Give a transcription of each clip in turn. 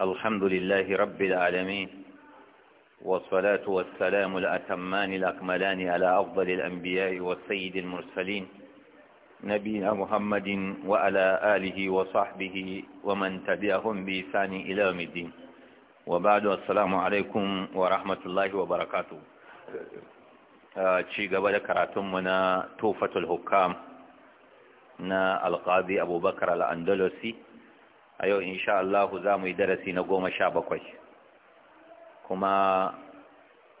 الحمد لله رب العالمين والصلاة والسلام الأتمان الأكملان على أفضل الأنبياء والسيد المرسلين نبينا محمد وعلى آله وصحبه ومن تبعهم بإحسان إلى يوم الدين وبعد السلام عليكم ورحمة الله وبركاته آه، شيء قبل da توفة الحكام tofatul hukam na alkazi abubakar a yau insha Allah za mu yi darasi na goma sha bakwai kuma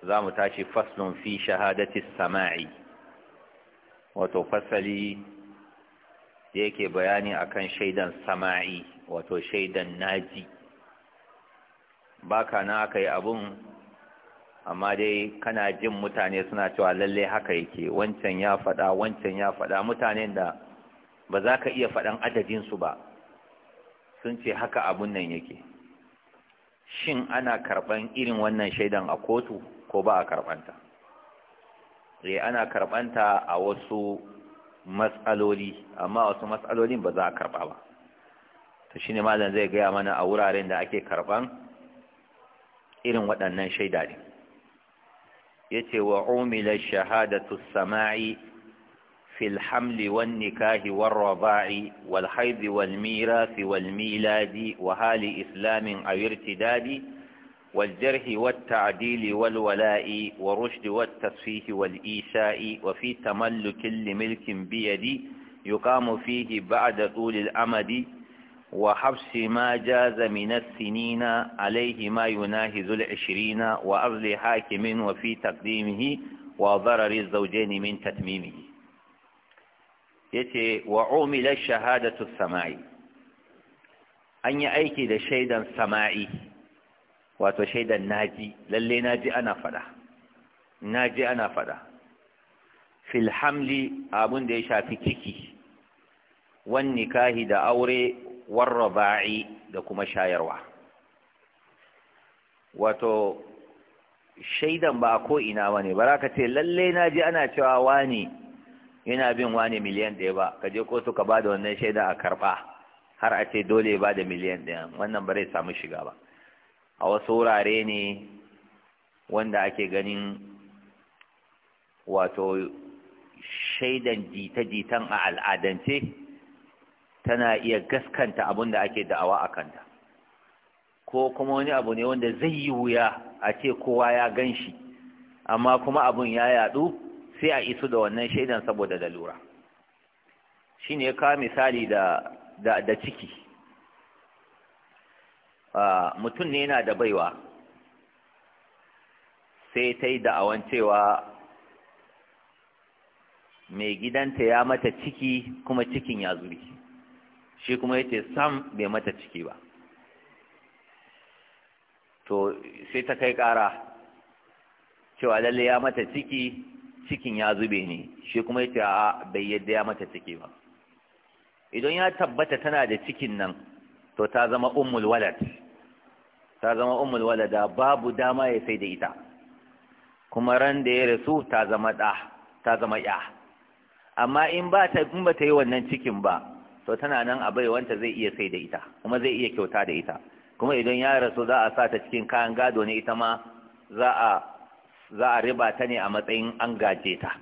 za mu tashi faslun fi shahadati sama'i wato fasali da yake bayani akan shaidan sama'i wato shaidan naji baka na aka yi abun amma dai kana jin mutane suna cewa lalle haka yake wancan ya faɗa wancan ya faɗa mutanen da ba za ka iya faɗan adadinsu ba sun ce haka abun nan yake shin ana karɓan irin wannan shaidan a kotu ko ba a karɓanta eh ana karɓanta a wasu matsaloli amma wasu matsalolin ba za a karɓa ba to shine malam zai gaya mana a wuraren da ake karɓan irin waɗannan shaida ne yace wa umila shahadatu samai في الحمل والنكاه والرضاع والحيض والميراث والميلاد وهال إسلام أو ارتداد والجرح والتعديل والولاء ورشد والتصفيه والإيشاء وفي تملك لملك بيد يقام فيه بعد طول الأمد وحبس ما جاز من السنين عليه ما يناهز العشرين وأرض حاكم وفي تقديمه وضرر الزوجين من تتميمه yace wa umila shahadatu samai an yi aiki da shaidan sama'i wato shaidan naji lalle naji ana fada naji ana fada fil hamli abun da ya shafi kiki, wan nikahi da aure war raba'i da kuma shayarwa wato shaidan ba ko ina bane baraka ce lalle naji ana cewa wani Yana bin wani miliyan ɗaya ba ka je kotu ka bada wannan shaida a karba, har a ce dole ba da miliyan ɗaya wannan ba zai samu shiga ba a wasu wurare ne wanda ake ganin wato shaidan jita-jitan a al'adance tana iya gaskanta abin da ake da'awa a kanta ko kuma wani abu ne wanda zai yi wuya a ce kowa ya gan shi amma kuma abin ya yadu sai a iso da wannan shaidan saboda dalura shi ne ka misali da, da, da ciki mutum ne yana da baiwa sai ta yi da'awan cewa mai gidanta ya mata ciki kuma cikin ya zuri shi kuma ya ce sam bai mata ciki ba to sai ta kai kara cewa lalle ya mata ciki cikin ya zube ne shi kuma yace a bai yadda ya mata ciki ba idan ya tabbata tana da cikin nan to ta zama ummul walad ta zama ummul walada babu dama ya sai da ita kuma ran da ya rasu ta zama da ta zama ya amma in ba ta in ba ta yi wannan cikin ba to tana nan a bai baiwanta zai iya sai da ita kuma zai iya kyauta da ita kuma idan ya rasu za a sa ta cikin kayan gado ne ita ma za a za a riba ta ne a matsayin an gaje ta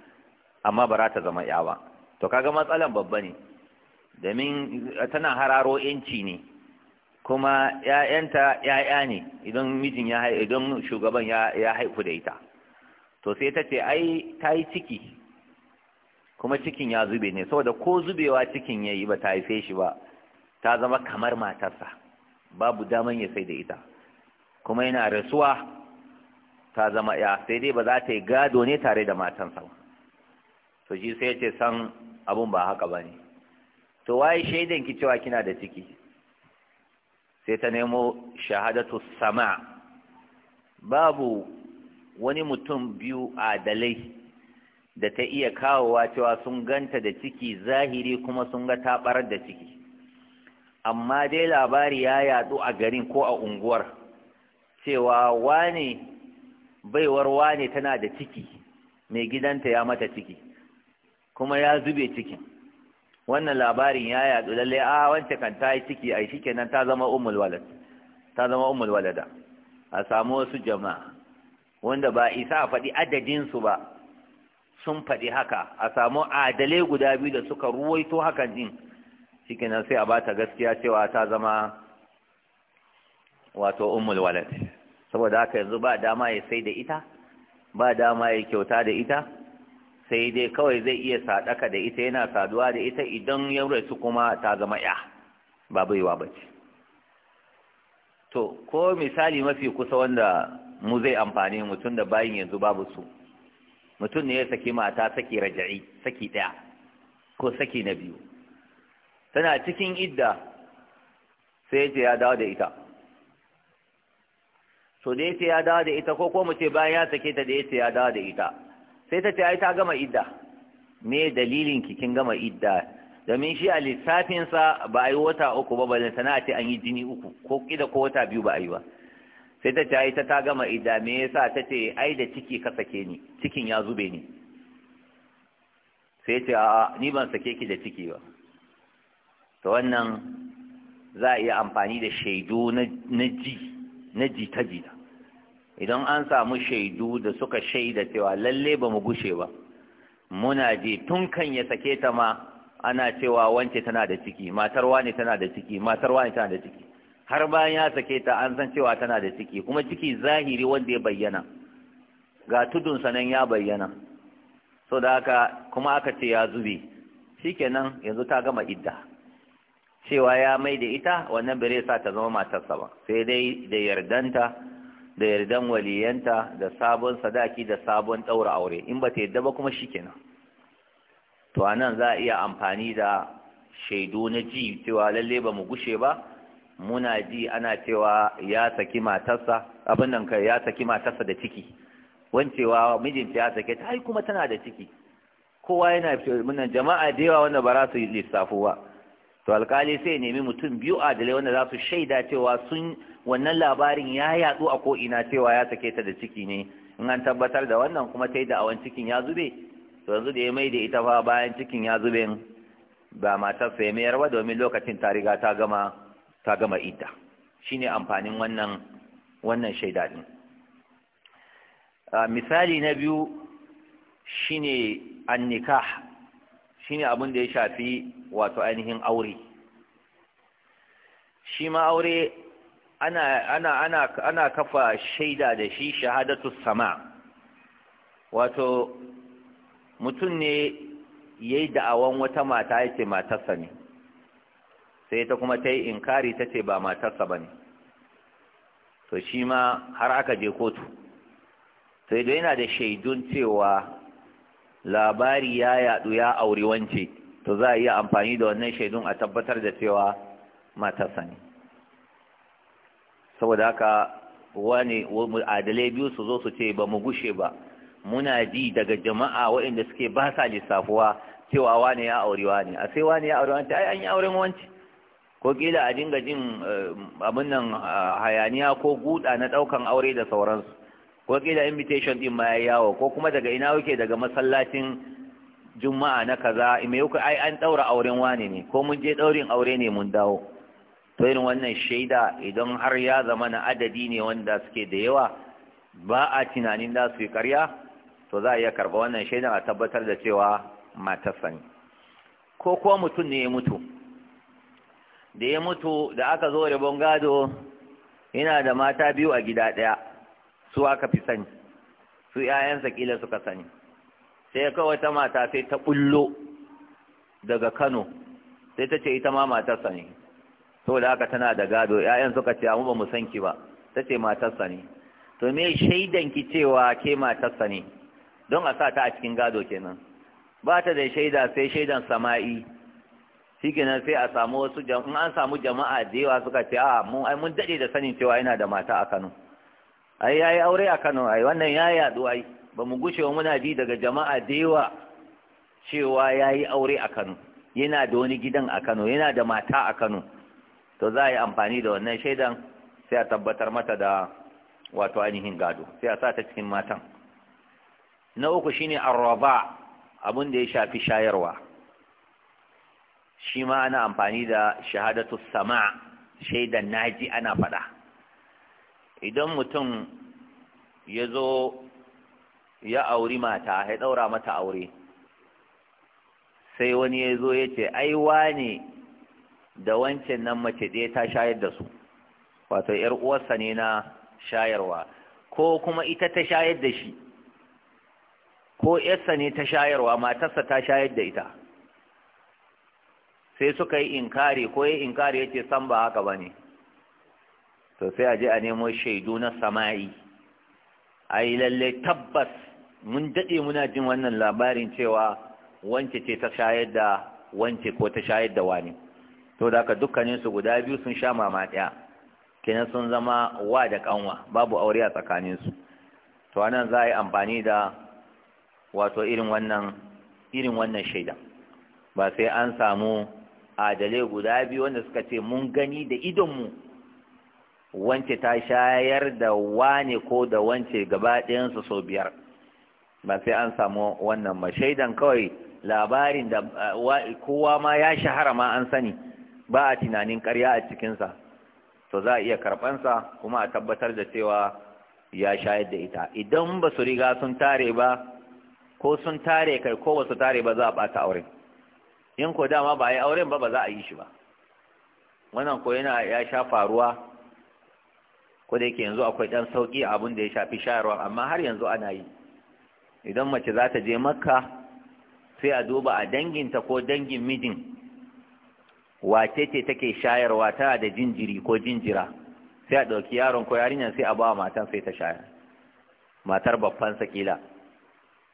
amma ba za ta zama ya ba to kaga matsalan babba ne domin tana hararo yanci ne kuma ‘ya'yanta ‘ya'ya ne idan mijin ya idan shugaban ya haifu da ita to sai ta ce ai ta yi ciki kuma cikin ya zube ne saboda ko zubewa cikin ya yi ba ta haife shi ba ta zama kamar matarsa babu daman ya sai da ita kuma yana rasuwa ta zama ya sai dai ba za ta yi gado ne tare da matansa to shi sai ce san abun ba haka ba ne to waye shaidan ki cewa kina da ciki sai ta nemo shahadatu sama babu wani mutum biyu adalai da ta iya kawowa cewa sun ganta da ciki zahiri kuma sun ga ta da ciki amma dai labari ya yadu a garin ko a unguwar cewa wane baiwar wane tana da ciki mai gidanta ya mata ciki kuma ya zube ciki. wannan labarin ya yadu lalle a ah, wance kan ta yi ciki a shi kenan ta zama ummul ta zama ummul a samu wasu jama'a wanda ba isa a faɗi adadin su ba sun faɗi haka a samu adalai guda biyu da suka ruwaito hakan din kenan sai a bata gaskiya cewa ta zama wato ummul saboda haka yanzu ba dama ya sai da ita ba dama ya kyauta da ita sai dai kawai zai iya sadaka da ita yana saduwa da ita idan ya rasu kuma ta zama ya ba baiwa ba to ko misali mafi kusa wanda mu zai amfani mutum da bayin yanzu babu su mutum ne ya saki mata saki raja'i saki ɗaya ko saki na biyu tana cikin idda sai ya ya dawo da ita to da yace ya dawo da ita ko ko mu ce bayan ya sake ta da yace ya dawo da ita sai ta ce ai ta gama idda me dalilin ki kin gama idda domin shi a lissafin sa ba ai wata uku ba balan sana ce an yi jini uku ko kida ko wata biyu ba ai ba sai ta ce ai ta ta gama idda me yasa ta ce ai da ciki ka sake ni cikin ya zube ni sai ce a ni ban sake ki da ciki ba to wannan za a iya amfani da shaidu na ji na ji jita idan an samu shaidu da suka shaida cewa lalle ba mu gushe ba muna ji tun kan ya sake ta ma ana cewa wance tana da ciki matar wani tana da ciki matar wani tana da ciki har bayan ya sake ta an san cewa tana da ciki kuma ciki zahiri wanda ya bayyana ga tudun sanan ya bayyana so da haka kuma aka ce ya zube shikenan yanzu ta gama idda cewa ya mai da ita wannan bare sa ta zama matarsa ba sai dai da yardanta da yardan waliyanta da sabon sadaki da sabon ɗaura aure in ba ta yarda ba kuma shikenan to a nan za a iya amfani da shaidu na ji cewa lalle ba mu gushe ba muna ji ana cewa ya saki matarsa abin nan kai ya saki matarsa da ciki wancewa mijinta ya sake ta ai kuma tana da ciki kowa yana munan jama'a da yawa wanda ba za su yi lissafo ba to alkali sai ya nemi mutum biyu adalai wanda za su shaida cewa sun wannan labarin ya yadu a ko'ina cewa ya sake ta da ciki ne in an tabbatar da wannan kuma ta yi da'awan cikin ya zube to yanzu da ya mai da ita fa bayan cikin ya zube ba matarsa ya mayar ba domin lokacin ta riga ta gama ta gama idda shine amfanin wannan wannan shaida din misali na biyu shine nikah Shi ne abin da ya shafi wato ainihin aure shi ma aure ana kafa shaida da shi shahadatu sama wato mutum ne ya yi da'awan wata mata ya ce matarsa ne sai ta kuma ta yi inkari ta ce ba matarsa ba ne to shi ma har aka je kotu sai da yana da shaidun cewa labari ya yaɗu ya auri wance to za a iya amfani da wannan shaidun a tabbatar da cewa matarsa ne saboda haka wani adale biyu su zo su ce ba mu gushe ba muna ji daga jama'a waɗanda suke ba sa lissafuwa cewa Wani ya auri wani a sai Wani ya auri wani ai an yi auren wance ko kila a dinga jin eh, abin nan ah, hayaniya ko guda na ɗaukan aure da sauransu ko kila invitation din ma ya yawo ko kuma daga ina kuke daga masallacin juma'a na kaza me yau ai an daura auren wane ne ko mun je daurin aure ne mun dawo to irin wannan shaida idan har ya zama na adadi ne wanda suke da yawa ba a tunanin da su yi karya to za a iya karba wannan shaidan a tabbatar da cewa matarsa ne ko kuwa mutum ne ya mutu da ya mutu da aka zo rabon gado yana da mata biyu a gida ɗaya su aka fi sani su ‘ya'yansa kila suka sani sai kawai ta mata sai ta bullo daga kano sai ta ce ita ma matarsa ne saboda haka tana da gado ‘ya'yan suka ce amma ba mu san ki ba ta ce matarsa ne to me ki cewa ke matarsa ne don a sa ta a cikin gado kenan ba ta da shaida sai shaidan sama'i shikenan sai a samu wasu in an samu jama'a da yawa suka ce a mun ai da sanin cewa yana da mata a Kano ai yi aure a Kano ai wannan ya yadu ai ba mu gushe wa muna ji daga jama'a da yawa cewa yayi aure a Kano yana da wani gidan a Kano yana da mata a Kano to za a yi amfani da wannan shaidan sai a tabbatar mata da wato ainihin gado sai a sa ta cikin matan na uku shine arraba abun da ya shafi shayarwa shi ma ana amfani da shahadatu sama shaidan naji ana faɗa idan mutum ya zo ya auri mata ya ɗaura mata aure sai wani ya zo ya ce ai wane da wancan nan mace ɗaya ta shayar da su wato ‘yar uwarsa ne na shayarwa ko kuma ita ta shayar da shi ko ‘yarsa ne ta shayarwa matarsa ta shayar da ita sai suka yi inkari ko ya inkari ya ce san ba haka ba ne to sai a je a nemo shaidu na sama'i A yi lallai, tabbas mun daɗe muna jin wannan labarin cewa wance ce ta shayar da wance ko ta shayar da wani to da aka su guda biyu sun sha mama ɗaya. kenan sun zama wa da kanwa babu aure a tsakaninsu. su to anan za a yi amfani da wato irin wannan irin wannan shaida ba sai an samu adalai guda biyu wanda suka ce mun gani da idonmu wance ta shayar da wane ko da wance gaba ɗayansu sau biyar ba sai an samu wannan ba shaidan kawai labarin da eh, kowa ma ya shahara ma an sani ba a tunanin karya a cikinsa to za a iya karɓansa kuma a tabbatar da cewa ya shayar da ita idan ba su riga sun tare ba ko sun tare kai ko ba su tare ba za a ɓata auren in ko dama ba a yi auren ba ba za a yi shi ba wannan ko yana ya sha faruwa ko da yake yanzu akwai ɗan sauƙi abin da ya shafi shayarwa amma har yanzu ana yi idan mace za ta je makka sai a duba a danginta ko dangin mijin wace ce take shayarwa tana da jinjiri ko jinjira sai a ɗauki yaron ko yarinyar sai a ba matan sai ta shayar matar babban sakila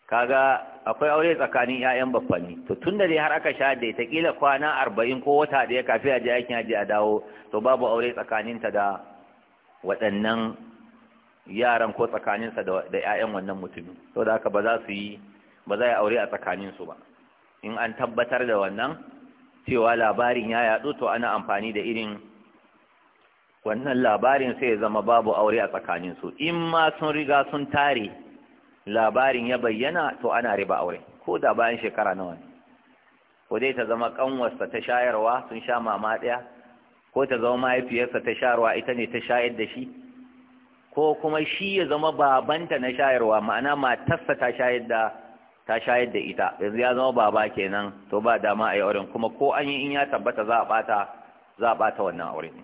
kaga akwai aure tsakanin 'ya'yan babbanni to tun da dai har aka shayar da ita kila kwana arba'in ko wata ɗaya kafin kafi a je aikin aji a dawo to babu aure tsakaninta da waɗannan yaran ko tsakaninsa da 'ya'yan wannan mutumin so da haka ba za su yi ba za a aure a tsakaninsu ba in an tabbatar da wannan cewa labarin ya yaɗu to ana amfani da irin wannan labarin sai ya zama babu aure a tsakaninsu in ma sun riga sun tare labarin ya bayyana to ana riba aure ko da bayan shekara nawa ne ko dai ta zama kanwarsa ta shayarwa sun sha mama ɗaya ko ta zama mahaifiyarsa ta shayarwa ita ne ta shayar da shi ko kuma shi ya zama babanta na shayarwa ma'ana matarsa ta shayar da ta shayar da ita yanzu ya zama baba kenan to ba dama a yi auren kuma ko an yi in ya tabbata za a bata za a bata wannan auren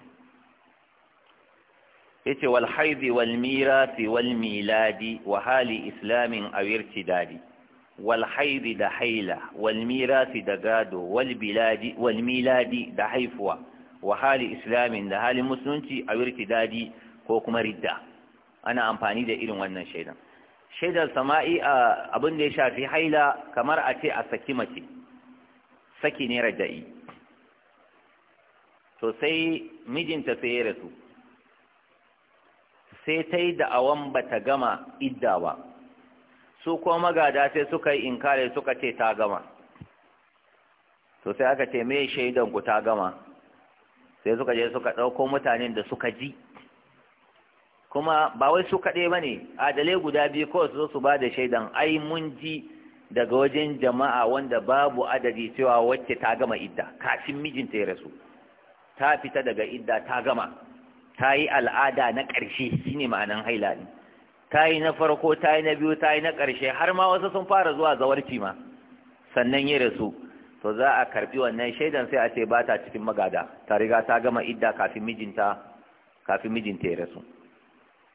yace wal haidi wal mirasi wal miladi wa hali islamin awirti dadi wal haidi da haila wal mirasi da gado wal biladi wal miladi da haifuwa wa hali islamin da halin musulunci a wirki dadi ko kuma ridda ana amfani da irin wannan shaidan shaidar sama'i abin da ya shafi haila kamar a ce a saki mace saki ne raja'i to sai mijinta sai ya rasu sai ta yi da'awan ba ta gama idda ba su ko magada sai suka yi inkare suka ce ta gama to sai aka ce me shaidanku ta gama sai suka je suka ɗauko mutanen da suka ji kuma ba wai su kaɗai ba ne adalai guda biyu kawai su su ba da shaidan ai mun ji daga wajen jama'a wanda babu adadi cewa wacce ta gama idda kafin mijinta ya rasu ta fita daga idda ta gama ta yi al'ada na ƙarshe shine ma'anan haila ne ta yi na farko ta yi na biyu ta yi na ƙarshe har ma wasu sun fara zuwa zawarci ma sannan ya rasu to za a karbi wannan shaidan sai a ce ba ta cikin magada ta riga ta gama idda kafin mijinta kafin mijinta ya rasu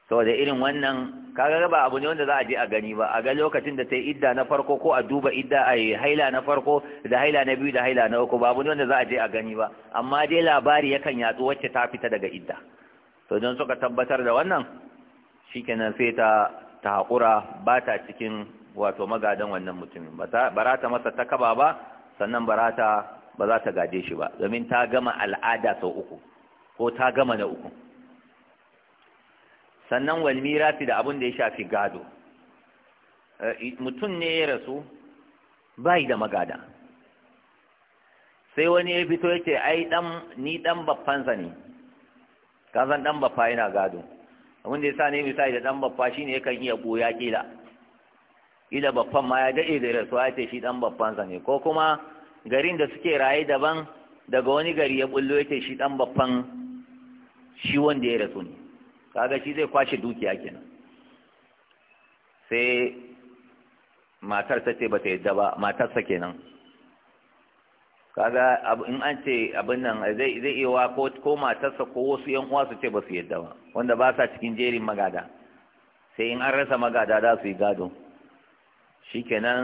saboda irin wannan kaga ba abu ne wanda za a je a gani ba a ga lokacin da ta yi idda na farko ko a duba idda a yi haila na farko da haila na biyu da haila na uku ba abu ne wanda za a je a gani ba amma dai labari yakan yatsu wacce ta fita daga idda to don suka tabbatar da wannan shikenan sai ta ta haƙura ba ta cikin wato magadan wannan mutumin ba ta masa ta kaba ba sannan barata ba za ta gaje shi ba domin ta gama al'ada sau uku ko ta gama na uku sannan Wani fi da abin da ya shafi gado eh, mutum ne ya rasu bai da magada sai wani ya fito ya ce ai dan ni dan baffansa ne ka dan baffa yana gado abin da ya sa ne misali da dan baffa shine yakan iya boya kila ila babban ma ya daɗe da rasu ya ce shi ɗan babbansa ne ko kuma garin da suke raye daban daga wani gari ya bullo ya ce shi ɗan babban shi wanda ya rasu ne kaga shi zai kwashe dukiya kenan sai matar ta ce ba ta yadda ba matarsa kenan kaga in an ce abin nan zai zai iya ko ko matarsa ko wasu yan uwa su ce ba su yadda ba wanda ba sa cikin jerin magada sai in an rasa magada za su yi gado shikenan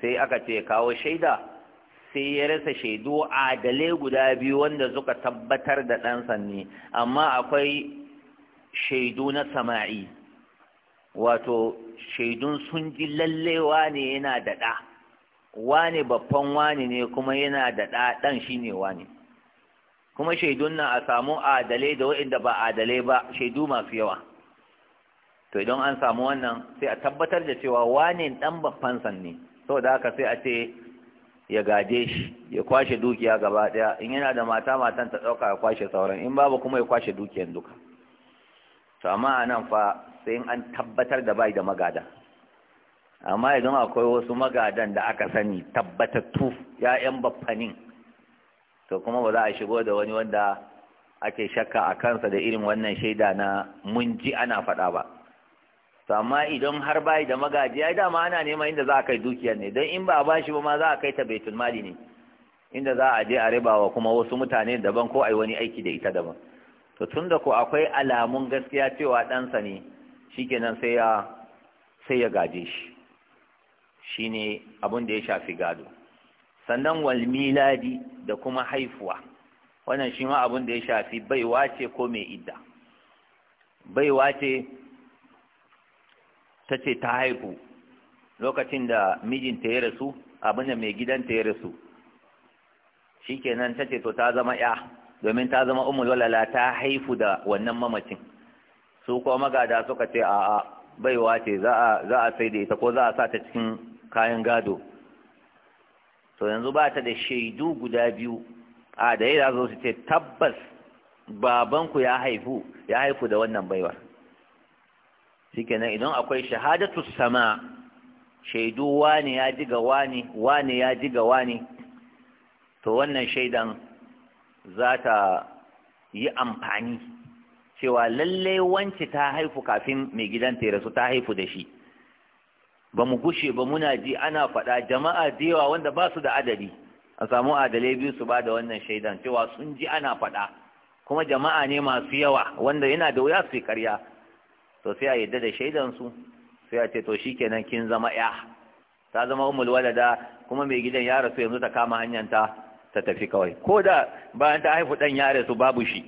sai aka ce kawo shaida sai ya rasa shaidu adale guda biyu wanda suka tabbatar da ɗansa ne amma akwai shaidu na sama'i wato shaidun sun ji lallewa ne yana da ɗa wane babban wane ne kuma yana da ɗa ɗan shi ne wane kuma shaidun nan a samu adale da waɗanda ba adalai ba shaidu masu yawa to idan an samu wannan sai a tabbatar da cewa wane dan babban Sau saboda haka sai a ce ya gaje shi ya kwashe dukiya gaba ɗaya. in yana da mata matan ta dauka ya kwashe sauran in babu kuma ya kwashe dukiyan duka to amma anan fa sai an tabbatar da bai da magada amma idan akwai wasu magadan da aka sani tabbatattu ya'yan baffanin to kuma ba za a shigo da wani wanda ake shakka a kansa da irin wannan shaida na mun ji ana faɗa ba amma idan har bai da magaji ai dama ana neman inda za a kai dukiyar ne don in ba a bashi ba ma za a kai ta baitul mali ne inda za a je a ribawa kuma wasu mutane daban ko ai wani aiki da ita daban to tunda ko akwai alamun gaskiya cewa ɗansa ne shikenan sai ya sai ya gaje shi shine abin da ya shafi gado sannan wal miladi da kuma haifuwa wannan shi ma abin da ya shafi baiwa ce ko mai idda baiwa ce ta ce ta haihu lokacin da mijinta ya rasu abin da mai gidanta ya rasu Shi nan ta ce to ta zama ya domin ta zama umul ta haifu da wannan mamacin su kuma magada suka ce a'a baiwa ce za a sai da ita ko za a sa ta cikin kayan gado to yanzu ba ta da shaidu guda biyu a da ya zo su ce tabbas babanku ya haifu haifu da wannan baiwar shikenan idan akwai shahadatu sama shaidu wani ya ji wani wani ya ji wani to wannan shaidan za ta yi amfani cewa lallai wanci ta haifu kafin mai gidanta ya rasu ta haifu da shi ba mu gushe ba muna ji ana faɗa jama'a da yawa wanda ba su da adali a samu adalai biyu su ba da wannan shaidan cewa sun ji ana faɗa kuma jama'a ne masu yawa wanda yana da wuya su yi karya to sai a yadda da shaidansu sai a ce to shi kenan kin zama ya ta zama umul walada kuma mai gidan ya rasu yanzu ta kama hanyar ta ta tafi kawai ko da bayan ta haifu dan ya rasu babu shi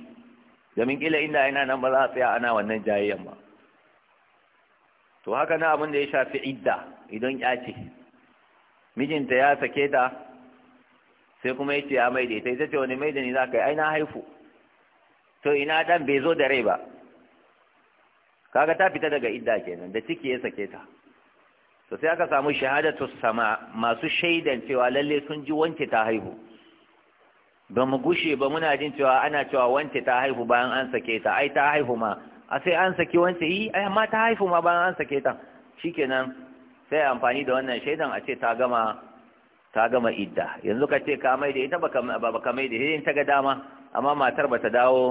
domin kila inda yana nan ba za a tsaya ana wannan jayayyan ba to haka na abin da ya shafi idda idan ya ce mijinta ya sake ta sai kuma ya ce ya maida ita ita ce wani maida ni za ka yi ai na haifu to ina dan bai zo da rai ba kaga ta fita daga idda kenan da ciki ya sake ta to sai aka samu shahadatu sama masu shaidan cewa lalle sun ji wance ta haihu ba mu gushe ba muna jin cewa ana cewa wance ta haihu bayan an sake ta ai ta haihu ma a sai an saki wance yi ai amma ta haihu ma bayan an sake ta shikenan sai amfani da wannan shaidan a ce ta gama ta gama idda yanzu ka ce ka mai da ita ba ka mai da ita ta ga dama amma matar ba ta dawo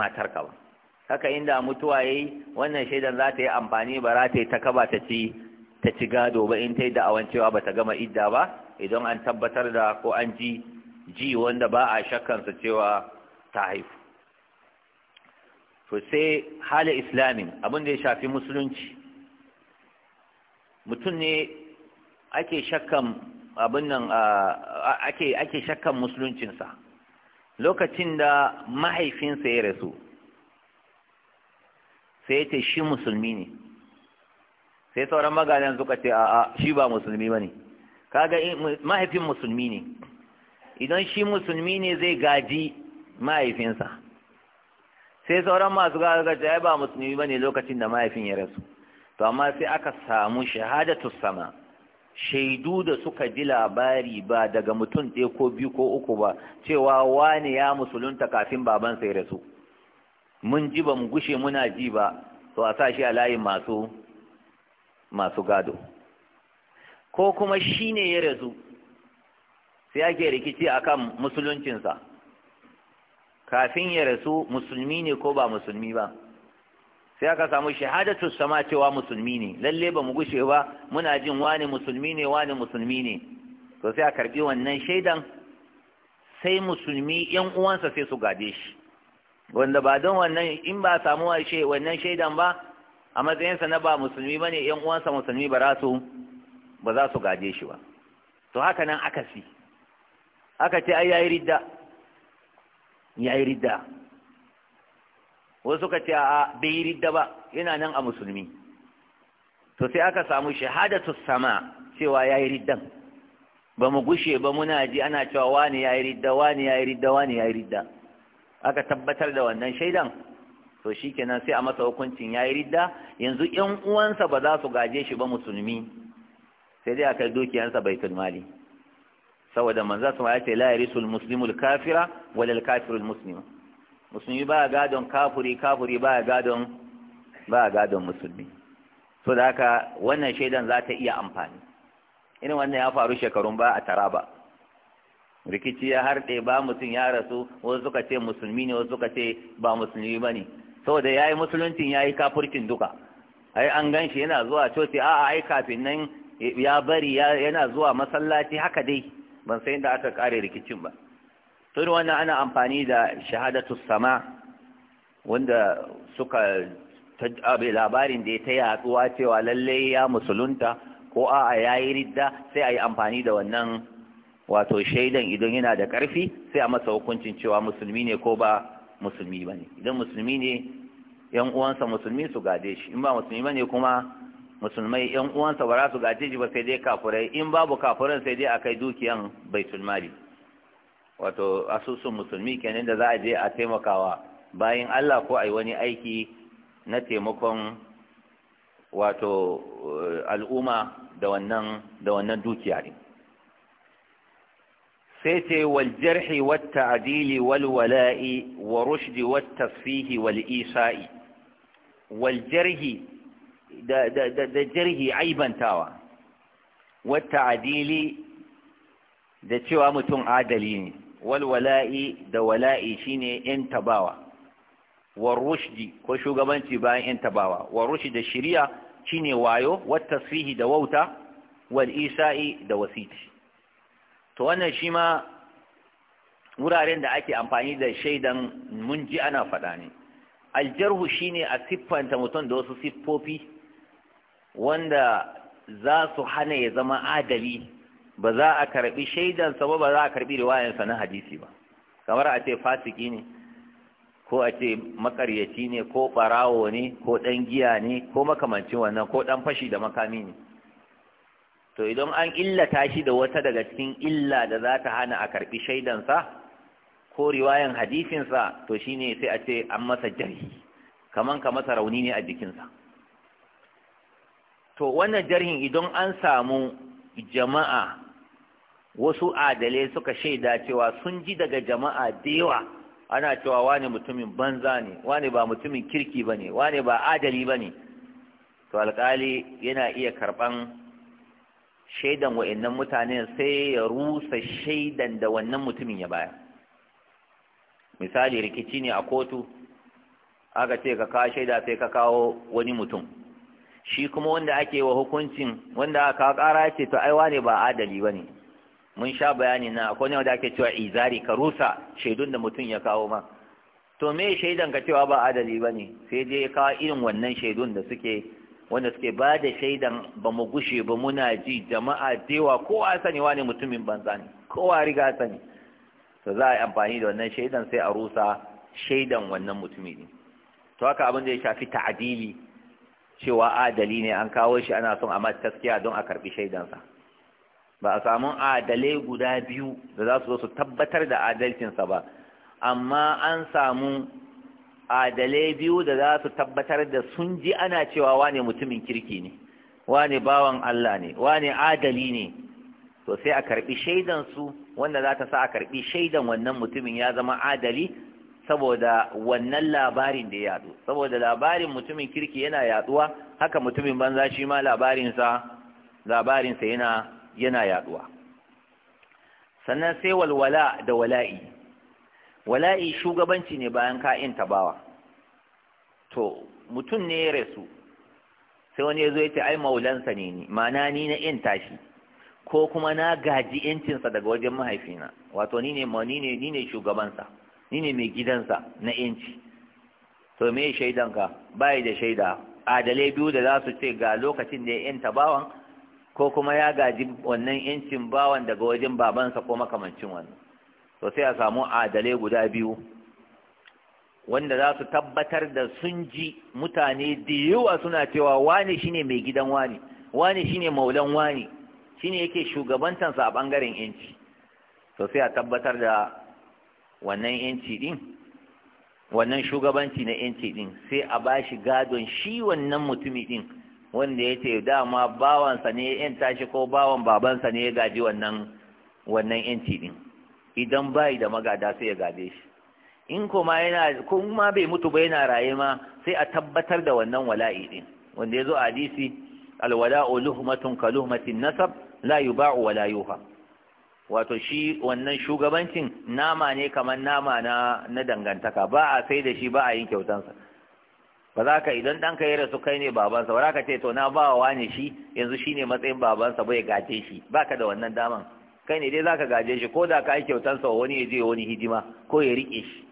matar ka ba haka inda mutuwa ya yi, wannan shaidan za ta yi amfani ba za ta yi ta kaba ta ci gado ba in ta yi da'awan cewa ba ta gama idda ba idan an tabbatar da ko an ji ji wanda ba a shakkansa cewa ta haifu Fusai hali islamin abin ya shafi musulunci mutum ne ake shakkan abin nan ake shakkan musuluncinsa lokacin da mahaifinsa ya rasu sai ya ce shi musulmi ne sai sauran magadan suka ce a'a shi ba musulmi ba ne kaga mahaifin musulmi ne idan shi musulmi ne zai gaji mahaifinsa sai sauran masu gaga ce ba musulmi ba ne lokacin da mahaifin ya rasu to amma sai aka samu shahadatus sama shaidu da suka ji labari ba daga mutum ɗaya ko biyu ko uku ba cewa wane ya musulunta kafin babansa ya rasu mun ji ba mu gushe muna ji ba to a sa shi a layin masu masu gado ko kuma shi ne ya rasu sai ake rikici a kan musuluncinsa kafin ya rasu musulmi ne ko ba musulmi ba sai aka samu shahadatu sama cewa musulmi ne lalle ba mu gushe ba muna jin wani musulmi ne wani musulmi ne to sai a karbi wannan shaidan sai musulmi yan uwansa sai su gade shi wanda ba don wannan in ba samu wannan shaidan ba a matsayinsa na ba musulmi ba ne ‘yan uwansa musulmi ba za su gaje shi ba to haka nan aka si aka ce ai yayi ridda yayi ridda wasu ka ce a bai ridda ba yana nan a musulmi to sai aka samu shahadatu sama cewa yayi riddan ba mu gushe ba muna ji ana cewa wani yayi ridda wani yayi ridda wani yayi ridda aka tabbatar da wannan shaidan to shikenan sai a masa hukuncin yayi ridda yanzu ƴan uwansa ba za su gaje shi ba musulmi sai dai a kai dukiyansa baitul mali saboda manzo sama ya ce la yarisul muslimul kafira walal kafirul muslim musulmi ba gadon kafuri kafuri ba gadon ba gadon musulmi so da haka wannan shaidan za ta iya amfani irin wannan ya faru shekarun ba a taraba rikici ya harɗe ba mutum ya rasu wasu suka ce musulmi ne wasu suka ce ba musulmi ba ne saboda ya yi musuluncin ya yi kafurcin duka ai an gan shi yana zuwa coci a ai kafin nan ya bari yana zuwa masallaci haka dai ban san da aka kare rikicin ba tun wannan ana amfani da shahadatu sama wanda suka labarin da ya ta yaduwa cewa lallai ya musulunta ko a'a ya yi ridda sai a yi amfani da wannan wato shaidan idan yana da ƙarfi sai a masa hukuncin cewa musulmi ne ko ba musulmi ba ne idan musulmi ne yan uwansa musulmi su gade shi in ba musulmi ba ne kuma musulmai yan uwansa ba za su gade shi ba sai dai kafurai in babu kafuran sai dai a kai dukiyan baitul mali wato asusun musulmi kenan da za a je a taimakawa bayan Allah ko a yi wani aiki na taimakon wato eh, al'umma da wannan da wannan dukiya ne sai ce wal jarhi wat ta'dili wal wala'i wa rushdi wat tasfihi wal isa'i da da da jarhi aibantawa wat ta'dili da cewa mutum adali ne wal da wala'i shine in tabawa wa rushdi ko shugabanci bayan in tabawa wa rushdi shari'a shine wayo wat fihi da wauta wal'isa'i da wasiti to wannan shi ma wuraren da ake amfani da shaidan mun ji ana faɗa ne aljarhu shi ne a siffanta mutum da wasu siffofi wanda za su hana ya zama adali ba za a karbi shaidansa ba ba za a karbi riwayansa na hadisi ba kamar a ce fasiki ne ko a ce makaryaci ne ko barawo ne ko ɗan giya ne ko makamancin wannan ko ɗan fashi da makami ne to idan an illata shi da wata daga cikin illa da za ta hana a karɓi shaidansa ko riwayan hadisinsa to shi ne sai a ce an masa jarhi kaman ka masa rauni ne a jikinsa to wannan jarhin idan an samu jama'a wasu adalai suka shaida cewa sun ji daga jama'a da yawa ana cewa wane mutumin banza ne wane ba mutumin kirki ba ne wane ba adali ba ne to Alƙali yana iya karɓan shaidan wa'annan mutane sai ya rusa shaidan da wannan mutumin ya baya. misali rikici ne a kotu aka ce ka kawo shaida sai ka kawo wani mutum shi kuma wanda ake wa hukuncin wanda aka kara ce to aiwa ne ba adali ba ne mun sha bayani na akwai ne wanda ake cewa izari ka rusa shaidun da mutum ya kawo ma to me shaidan ka cewa ba adali ba ne sai dai ya kawo irin wannan shaidun da suke wanda suke ba da shaidan ba mu gushe ba muna ji jama'a dewa kowa sani wani mutumin banza ne kowa riga sani to za a yi amfani da wannan shaidan sai a rusa shaidan wannan mutumi ne to haka abin da ya shafi ta'adili cewa adali ne an kawo shi ana son a mata taskiya don a karbi shaidansa ba a samu adalai guda biyu da za su zo su tabbatar da adalcinsa ba amma an samu adalai biyu da za su tabbatar da sun ji ana cewa wane mutumin kirki ne wane bawan Allah ne wane adali ne to sai a karbi shaidansu wanda za ta sa a karbi shaidan wannan mutumin ya zama adali saboda wannan labarin da ya yadu saboda labarin mutumin kirki yana yaduwa haka mutumin banza shi ma labarinsa yana yana yaduwa sannan sai walwala da wala'i wala'i shugabanci ne bayan ka'in tabawa to mutum ne ya rasu sai wani ya zo ya ce ai maulansa ne ni ma'ana ni na in tashi ko kuma na gaji incinsa daga wajen mahaifina wato ni ne shugabansa ni ne mai gidansa na inci to me shaidanka bai da shaida adalai biyu da za su ce ga lokacin da ya yanta bawan ko kuma ya gaji wannan yancin bawan daga wajen babansa ko makamancin wannan to sai a samu adale guda biyu wanda za su tabbatar da sun ji mutane da yawa suna cewa wani shine mai gidan wani wani shine maulan wani shine yake shugabantansa a bangaren yanci to sai a tabbatar da wannan yanci din wannan shugabanci na yanci din sai a bashi gadon shi wannan mutumi din wanda ya ce dama bawansa ne ya yanta shi ko bawan babansa ne ya gaji wannan wannan yanci din idan bai da magada sai ya gade shi in kuma yana kuma bai mutu ba yana raye ma sai a tabbatar da wannan wala'i din wanda yazo hadisi alwala'u luhmatun kaluhmatin nasab la yuba'u wa yuha wato shi wannan shugabancin nama ne kamar nama na na dangantaka ba a sai da shi ba a yin kyautansa ba za ka idan ɗanka ya rasu kai ne babansa ba za ka ce to na ba wa ne shi yanzu shi ne matsayin babansa bai gace shi ba ka da wannan daman kai ne dai zaka gaje shi ko da ka yi sa wani ya je wani hidima ko ya rike shi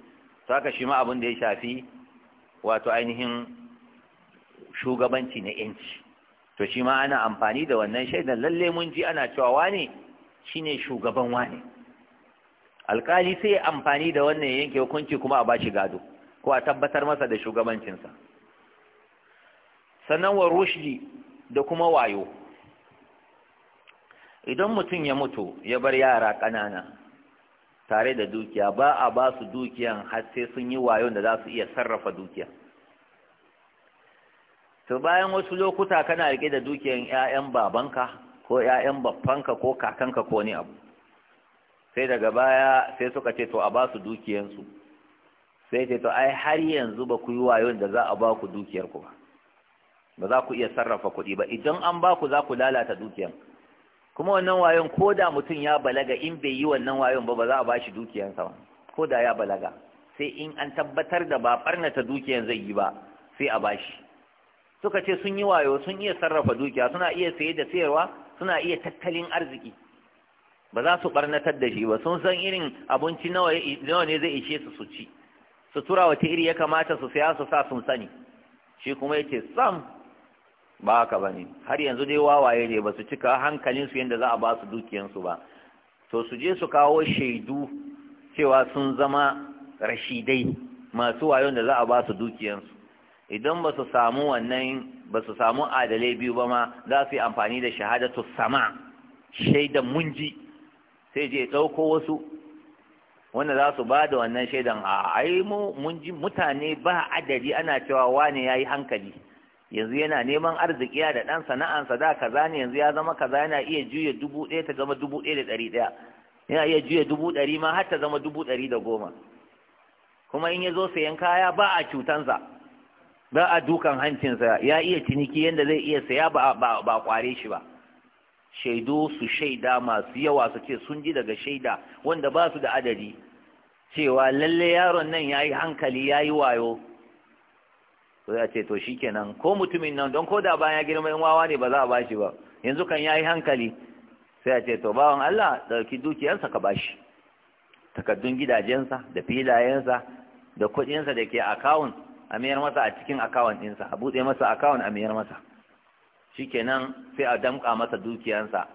to haka shi ma abin da ya shafi wato ainihin shugabanci na yanci to shi ma ana amfani da wannan shaidan lalle mun ji ana cewa wane shine shugaban wane alkali sai amfani da wannan yanke hukunci kuma a bashi gado ko a tabbatar masa da shugabancinsa sannan wa rushdi da kuma wayo idan mutum ya mutu ya bar yara ƙanana tare da dukiya ba a ba su dukiyan har sai sun yi wayon da za su iya sarrafa dukiya to bayan wasu lokuta kana rike da dukiyan 'ya'yan babanka ko 'ya'yan babbanka ko kakanka ko wani abu sai daga baya sai suka ce to a ba su dukiyansu sai ce to ai har yanzu ba ku yi wayon da za a ba ku dukiyarku ba ba za ku iya sarrafa kuɗi ba idan an ba ku za ku lalata dukiyan kuma wannan wayon ko da mutum ya balaga in bai yi wannan wayon ba ba za a ba shi dukiyansa ba ko da ya balaga sai in an tabbatar da ba barnata dukiyan zai yi ba sai a ba shi suka ce sun yi wayo sun iya sarrafa dukiya suna iya saye da sayarwa suna iya tattalin arziki ba za su barnatar da shi ba sun san irin abinci nawa ne zai ishe su su ci sutura wata iri ya kamata su saya su sa sun sani shi kuma ya ce sam ba haka ba har yanzu dai wawaye ne ba su cika hankalinsu yadda za a ba su dukiyansu ba to su je su kawo shaidu cewa sun zama rashidai masu wayon da za a ba su dukiyansu idan ba su samu wannan ba su samu adalai biyu ba ma za su yi amfani da shahadatu sama shaidan munji sai je ɗauko wasu wanda za su ba da wannan shaidan a ai mu munji mutane ba adadi ana cewa wane ya yi hankali yanzu yana neman arzikiya da ɗan sana'ansa da kaza ne yanzu ya zama kaza yana iya juya dubu ɗaya ta zama dubu ɗaya da ɗari ɗaya yana iya juya dubu ɗari ma har ta zama dubu ɗari da goma kuma in ya zo sayan kaya ba a cutansa ba a dukan hancinsa ya iya ciniki yadda zai iya saya ba ba kware shi ba shaidu su shaida masu yawa su ce sun ji daga shaida wanda ba su da adadi cewa lalle yaron nan ya yi hankali ya yi wayo to ce to shikenan ko mutumin nan don ko da bayan ya girma in wawa ne ba za a bashi ba yanzu kan yayi hankali sai a ce to bawan Allah dauki dukiyarsa ka bashi takaddun gidajensa da filayensa da kuɗinsa da ke akawun a miyar masa a cikin akawun dinsa a buɗe masa akawun a miyar masa shikenan sai a damƙa masa dukiyarsa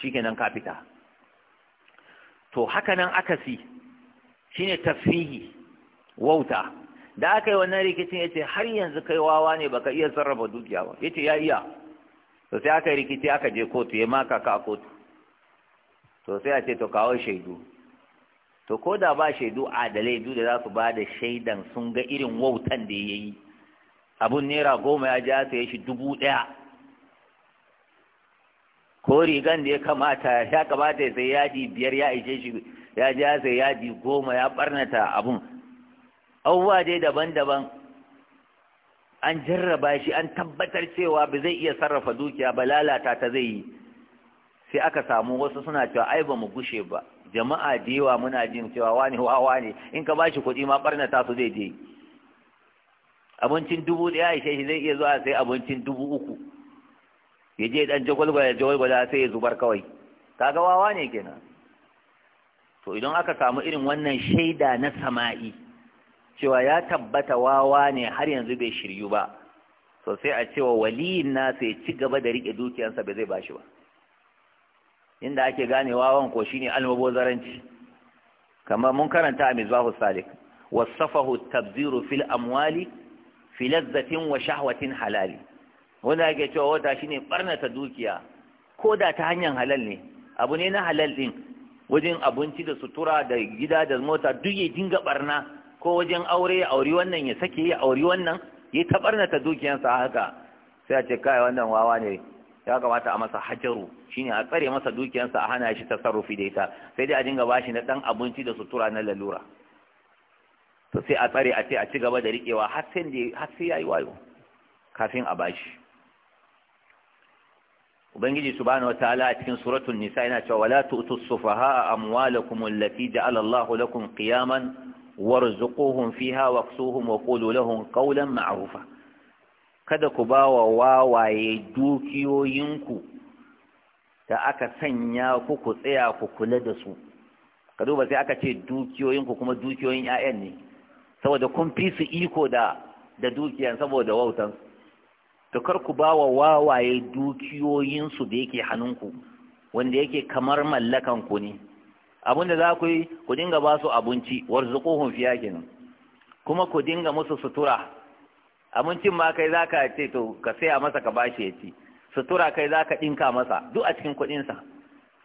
shikenan ka fita to haka nan akasi shine tafihi wauta da aka yi wannan rikicin ce har yanzu kai wawa ne baka iya sarrafa dukiya ba ce ya iya to sai aka rikici aka je kotu ya maka ka a kotu to sai a ce to kawo shaidu to ko da ba shaidu adalai biyu da za su ba da shaidan sun ga irin wautan da ya yi abun naira goma ya ji ya saye shi dubu ɗaya ko rigan da ya kamata ya kamata ya sai yadi biyar ya ishe shi ya ji ya sai yadi goma ya barnata abun abubuwa dai daban-daban an jarraba shi an tabbatar cewa ba zai iya sarrafa dukiya ba lalata ta zai yi sai aka samu wasu suna cewa ai ba mu gushe ba jama'a da yawa muna jin cewa wani wawa ne in ka bashi kuɗi ma ɓarnata su zai je abincin dubu ɗaya ishe shi zai iya zuwa sai abincin dubu uku ya je ɗan jagwalgwala jagwalgwala sai ya zubar kawai kaga wawa ne kenan to idan aka samu irin wannan shaida na sama'i cewa ya tabbata wawa ne har yanzu bai shiryu ba so sai a cewa waliyin nasa ya ci gaba da rike dukiyarsa ba zai bashi ba inda ake gane wawan ko shine almubazaranci kamar mun karanta a mizbahu salik wasafahu tabziru fil amwali fi lazzatin wa shahwatin halali wanda ake cewa wata shine barnata dukiya ko da ta hanyar halal ne abu ne na halal din wajen abinci da sutura da gida da mota duk ya dinga barna ko wajen aure ya auri wannan ya sake ya auri wannan ya ta dukiyansa haka sai a ce kai wannan wawa ne ya kamata a masa hajaru shine a tsare masa dukiyansa a hana shi tasarrufi da ita sai dai a dinga bashi na ɗan abinci da sutura na lalura to sai a tsare a ce a ci gaba da riƙewa har sai da har sai yayi wayo kafin a bashi ubangiji subhanahu wataala a cikin suratul nisa yana cewa wala Tutu, sufaha amwalakum allati ja'ala Allahu lakum qiyaman warzuquhum fiha waqsuhum wa qulu lahum qawlan ma'rufa kada ku bawa wawaye dukiyoyinku da aka sanya ku ku tsaya ku kula da su ka ba sai aka ce dukiyoyinku kuma dukiyoyin 'ya'yan ne saboda kun fi su iko da da dukiyan saboda wautan to kar ku bawa wawaye dukiyoyinsu da yake hannunku wanda yake kamar mallakan ku ne da za ku yi ku dinga ba su abinci warzuquhum fiya kenan kuma ku dinga musu sutura abincin ma kai za ka ce to ka saya masa ka bashi ya ci sutura kai zaka dinka masa duk a cikin kuɗin sa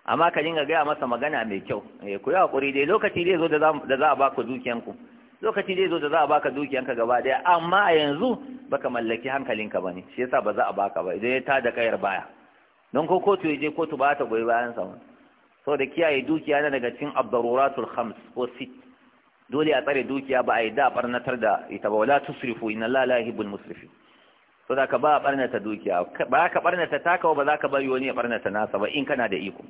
amma ka dinga gaya masa magana mai kyau eh ku yi hakuri dai lokaci zai zo da za a dukiyan ku lokaci zai zo da za a baka ka gaba daya amma a yanzu baka mallaki hankalin ka bane shi yasa ba za a baka ba idan ya tada kayar baya don ko kotu ya je kotu ba ta goyi bayan sa sau da kiyaye dukiya na daga cin abdaruratul khams ko sit dole a tsare dukiya ba a yi da barnatar da ita ba wala tusrifu inna la ilaha illa musrifin so da ka ba barnata dukiya ba ka barnata taka ba za ka bari wani ya barnata nasa ba in kana da iko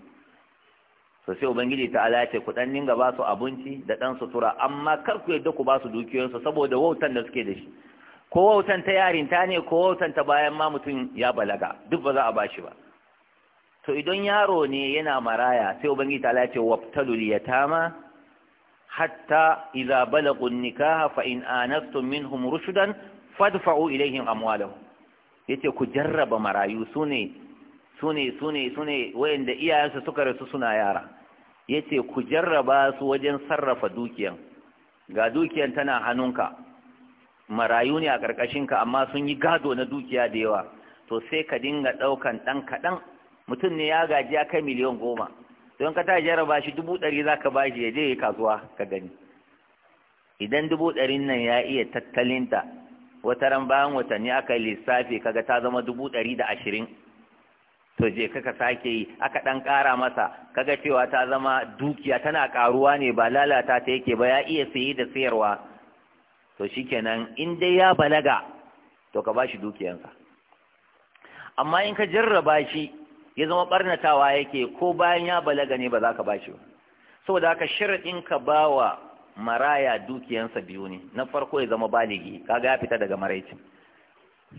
so sai ubangiji ta ala ce ku dan dinga ba su abinci da dan sutura amma kar ku yadda ku ba su dukiyoyinsu saboda wautan da suke da shi ko wautan ta yarinta ne ko wautan ta bayan ma mutum ya balaga duk ba za a ba shi ba to idan yaro ne yana maraya sai ubangiji ta ce wabtalul yatama hatta idza balagu nikaha fa in anastum minhum rushdan fadfa'u ilaihim amwalahum yace ku jarraba marayu sune sune sune sune wayanda iyayensu suka rasu suna yara yace ku jarraba su wajen sarrafa dukiyan ga dukiyan tana hannunka marayu ne a ka amma sun yi gado na dukiya da yawa to sai ka dinga daukan dan kadan mutum ne ya gaji ya kai miliyan goma don ka ta jaraba shi dubu ɗari za ka bashi ya je kasuwa ka gani idan dubu ɗarin nan ya iya tattalinta wata ran bayan watanni aka lissafi kaga ta zama dubu ɗari da ashirin to je kaka sake yi aka ɗan ƙara masa kaga cewa ta zama dukiya tana ƙaruwa ne ba lalata ta yake ba ya iya saye da sayarwa to shikenan in dai ya balaga to ka bashi dukiyansa amma in ka jarraba shi ya zama barnatawa yake ko bayan ya balaga ne ba za ka bashi ba saboda haka shirin ka ba wa maraya dukiyansa biyu ne na farko ya zama baligi kaga ya fita daga maraicin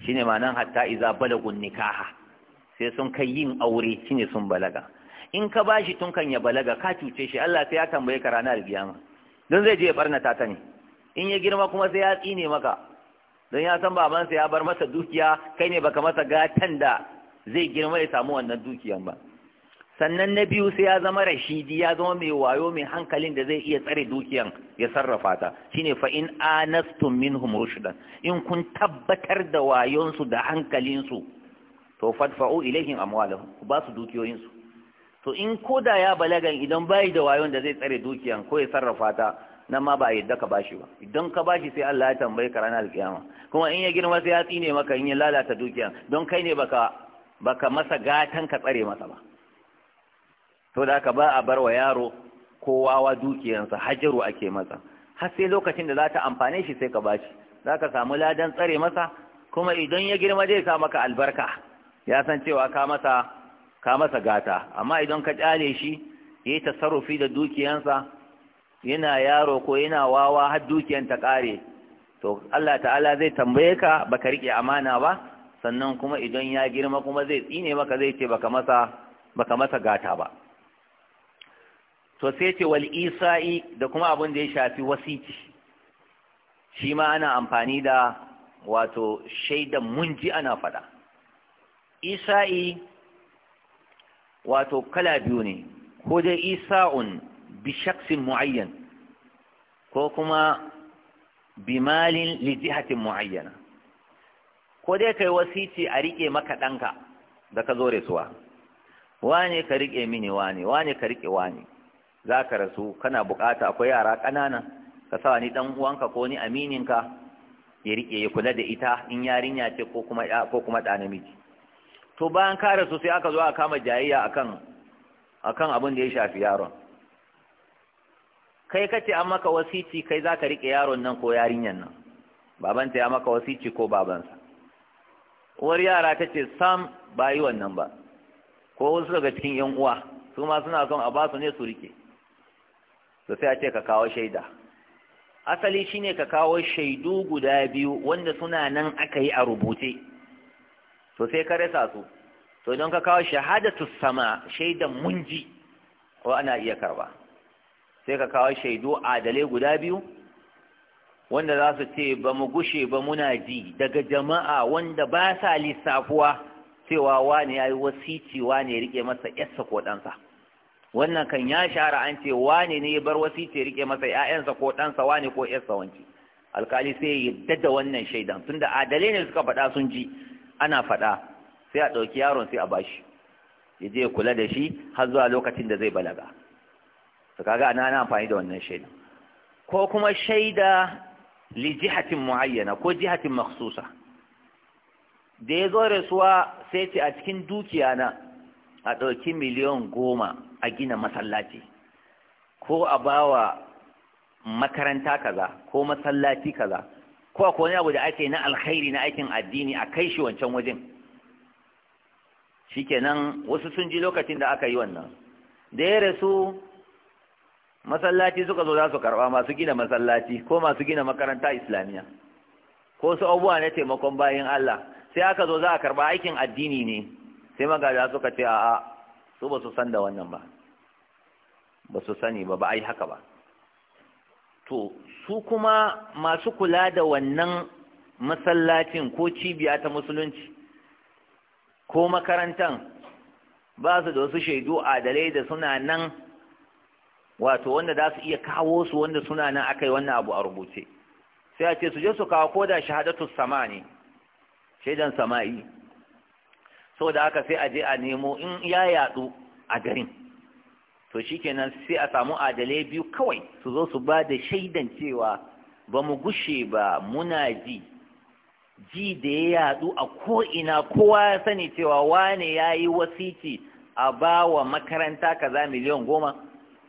shine ma'anan hatta iza balagun nikaha sai sun kai yin aure shine sun balaga in ka bashi tun kan ya balaga ka cuce shi Allah sai ya tambaye ka ranar kiyama don zai je ya barnata ta ne in ya girma kuma sai ya tsine maka don ya san babansa ya bar masa dukiya kai ne baka masa gatan da zai girma ya samu wannan dukiyan ba sannan na biyu sai ya zama rashidi ya zama mai wayo mai hankalin da zai iya tsare dukiyan ya sarrafa ta shine fa in anastum minhum rushdan in kun tabbatar da wayonsu da hankalinsu to fadfa'u a amwalahum ku ba su dukiyoyinsu to in koda ya balaga idan bai da wayon da zai tsare dukiyan ko ya sarrafa ta nan ma ba a yadda ka bashi ba idan ka bashi sai Allah ya tambaye ka ranar alkiyama kuma in ya girma sai ya tsine maka in ya lalata dukiyan don kai ne baka baka masa gatan ka tsare masa ba to da ka ba a bar wa yaro ko wawa dukiyansa hajaru ake masa har sai lokacin da za ta amfane shi sai ka bashi za ka samu ladan tsare masa kuma idan ya girma zai sa maka albarka ya san cewa ka masa ka masa gata amma idan ka kyale shi yayi tasarrufi da dukiyansa yana yaro ko yana wawa har dukiyan ta kare to Allah ta'ala zai tambaye ka baka rike amana ba sannan kuma idan ya girma kuma zai tsine maka zai ce baka masa masa gata ba to sai ce wal isa'i da kuma abin da ya shafi wasiti shi ma ana amfani da wato shaidan munji ana faɗa isa'i wato kala biyu ne ko dai isa'un bi shaksin mu'ayyan ko kuma bimalin li jihatin mu'ayyana ko dai kai wasici a rike maka ɗanka da ka zo rasuwa wane ka rike mini wane wane ka rike wane za ka rasu kana bukata akwai yara ƙanana ka sa ni ɗan uwanka ko ni amininka ya rike ya kula da ita in yarinya ce ko kuma ko kuma ɗa namiji to bayan ka rasu sai aka zo a kama jayayya akan akan abin da ya shafi yaron kai kace an maka wasici kai za ka rike yaron nan ko yarinyan nan babanta ya maka wasici ko babansa uwar yara ta ce sam ba yi wannan ba ko wasu daga cikin yan uwa su ma suna son a ba su ne su rike to sai a ce ka kawo shaida asali shine ka kawo shaidu guda biyu wanda suna nan aka yi a rubuce to sai ka rasa su to don ka kawo shahadatu sama shaidan munji ko ana iya karba sai ka kawo shaidu adale guda biyu wanda za su ce ba mu gushe ba muna ji daga jama'a wanda ba sa lissafuwa cewa wane ya yi wasici wane ya rike masa yasa ko ɗansa wannan kan ya shara an ce wane ne ya bar wasici ya rike masa ‘ya'yansa ko ɗansa wane ko yasa wanci alkali sai ya yadda da wannan shaidan tunda adalai ne suka faɗa sun ji ana faɗa sai a ɗauki yaron sai a bashi ya je kula da shi har zuwa lokacin da zai balaga to kaga ana amfani da wannan shaidan ko kuma shaida li jihatin muayyana ko jihatin makhsusa da ya zo rasuwa sai ce a cikin dukiya na a ɗauki miliyon goma a gina masallaci ko a bawa makaranta kaza ko masallaci kaza ko a wani abu da ake na alkhairi na aikin addini a kai shi wancan wajen kenan wasu sun ji lokacin da aka yi wannan da ya rasu masallaci suka zo za su karɓa masu gina masallaci ko masu gina makaranta islamiyya ko su abubuwa na taimakon bayan Allah sai aka zo za a karɓa aikin addini ne sai magaja suka ce a'a su ba su san da wannan ba ba su sani ba ba a yi haka ba to su kuma masu kula da wannan masallacin ko cibiya ta musulunci ko makarantan ba su da wasu shaidu adalai da suna nan wato wanda za su iya kawo su wanda suna nan akai wannan abu a rubuce sai a ce su je su kawo ko da shahadatu sama ne shaidan sama'i Sau da haka sai a je a nemo in ya yatsu a garin to shi kenan sai a samu adalai biyu kawai su zo su ba da shaidan cewa ba mu gushe ba muna ji ji da ya yatsu a ko'ina kowa ya sani cewa wane ya yi wasiti a bawa makaranta kaza miliyan goma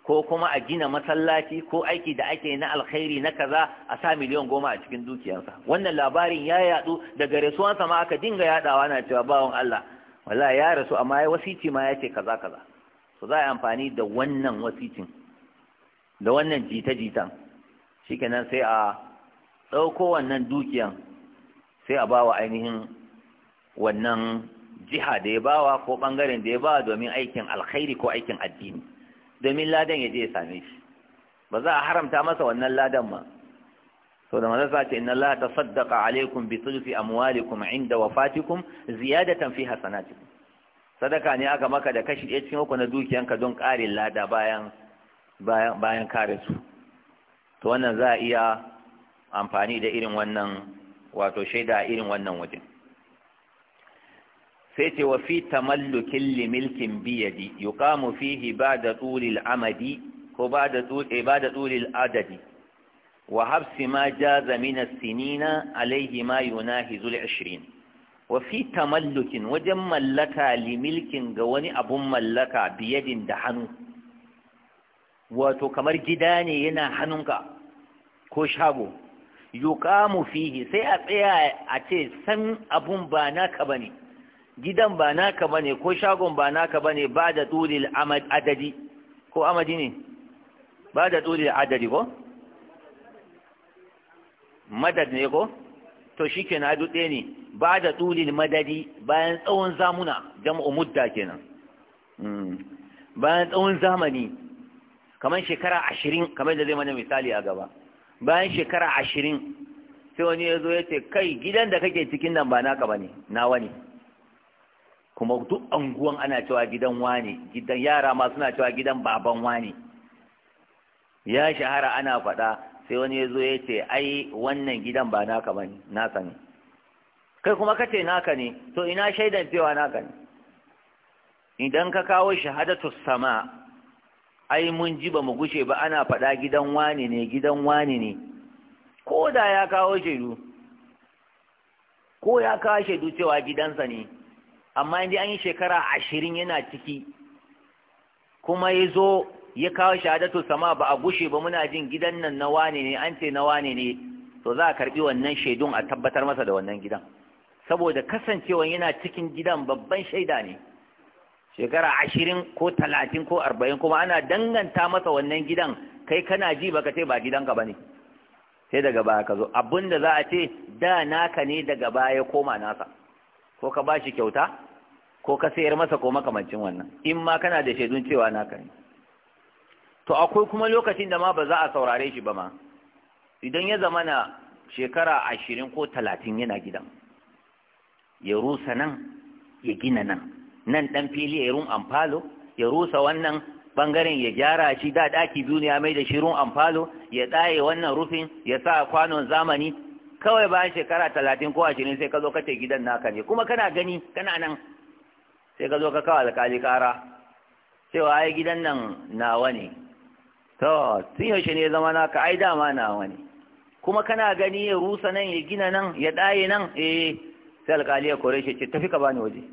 ko kuma a gina masallaci ko aiki da ake na alkhairi na kaza a sa miliyan goma a cikin dukiyarsa wannan labarin ya yadu daga rasuwansa ma aka dinga yadawa na cewa bawan Allah wallahi ya rasu amma ya wasici ma ya kaza kaza so za a amfani da wannan wasicin da wannan jita-jitan shikenan sai a ɗauko wannan dukiyan sai a bawa ainihin wannan jiha da ya bawa ko bangaren da ya bawa domin aikin alkhairi ko aikin addini domin ladan ya je ya same shi ba za a haramta masa wannan ladan ma so da manzo sace inna allaha tasaddaqa alaykum bi thuluthi amwalikum inda wafatikum ziyadatan fi hasanatikum sadaka ne aka maka da kashi ɗaya cikin uku na dukiyanka don ƙarin lada bayan bayan bayan kare su to wannan za a iya amfani da irin wannan wato shaida irin wannan wajen sai ce wa fi tamallukin limilkin biyadi yuqamu fihi da tulil amadi ko ba da ba'da eh, adadi wa ma jaza min sinina alaihi ma yuna al ashirin. wa fi tamallukin wajen mallaka limilkin ga wani abun mallaka biyadin da hannu wato kamar gida ne yana hannunka ko shago yuqamu fihi sai a tsaya a ce san abun ba naka bane gidan ba naka bane ko shagon ba naka bane ba da tsuri adadi ko amadi ne ba da tsuri adadi ko madad ne ko to shi ke na dutse ne ba da tsuri madadi bayan tsawon zamuna jam'u mudda kenan hmm. bayan tsawon zamani kamar shekara ashirin kamar da zai mana misali a gaba bayan shekara ashirin sai wani ya zo ya ce kai gidan da kake cikin nan ba naka bane nawa ne kuma duk anguwan ana cewa gidan wani, gidan yara ma suna cewa gidan baban wani. ya shahara ana faɗa sai wani ya zo ya ce ai wannan gidan ba naka ba ne naka ne kai kuma ka ce naka ne to ina shaidan cewa naka ne idan ka kawo shahadatu sama ai mun ji ba mu gushe ba ana faɗa gidan wani ne gidan wani ne ko da ya kawo shaidu ko ya kawo shaidu cewa gidansa ne amma in an yi shekara ashirin yana ciki kuma ya zo ya kawo shahadatu sama ba a gushe ba muna jin gidan nan na wane ne an ce na wane ne to za a karbi wannan shaidun a tabbatar masa da wannan gidan saboda kasancewan yana cikin gidan babban shaida ne shekara ashirin ko talatin ko arba'in kuma ana danganta masa wannan gidan kai kana ji baka ce ba gidanka ba ne sai daga baya ka zo abinda za a ce da naka ne daga baya koma nasa ko ka bashi kyauta ko ka sayar masa ko makamancin wannan in ma kana da shaidun cewa naka ne to akwai kuma lokacin da ma ba za a saurare shi ba ma idan ya zama na shekara ashirin ko talatin yana gidan ya rusa nan ya gina nan nan ɗan fili ya run amfalo ya rusa wannan bangaren ya gyara shi da ɗaki duniya mai da shi run amfalo ya ɗaye wannan rufin ya sa kwanon zamani kawai bayan shekara talatin ko ashirin sai ka zo kace gidan naka ne kuma kana gani kana nan sai ka zo ka kawo alkali kara cewa ai gidan nan nawa ne to tun yaushe ne zama naka ai dama nawa ne kuma kana gani ya rusa nan ya gina nan ya ɗaye nan eh sai alkali ya kore shi ce tafi ka bani waje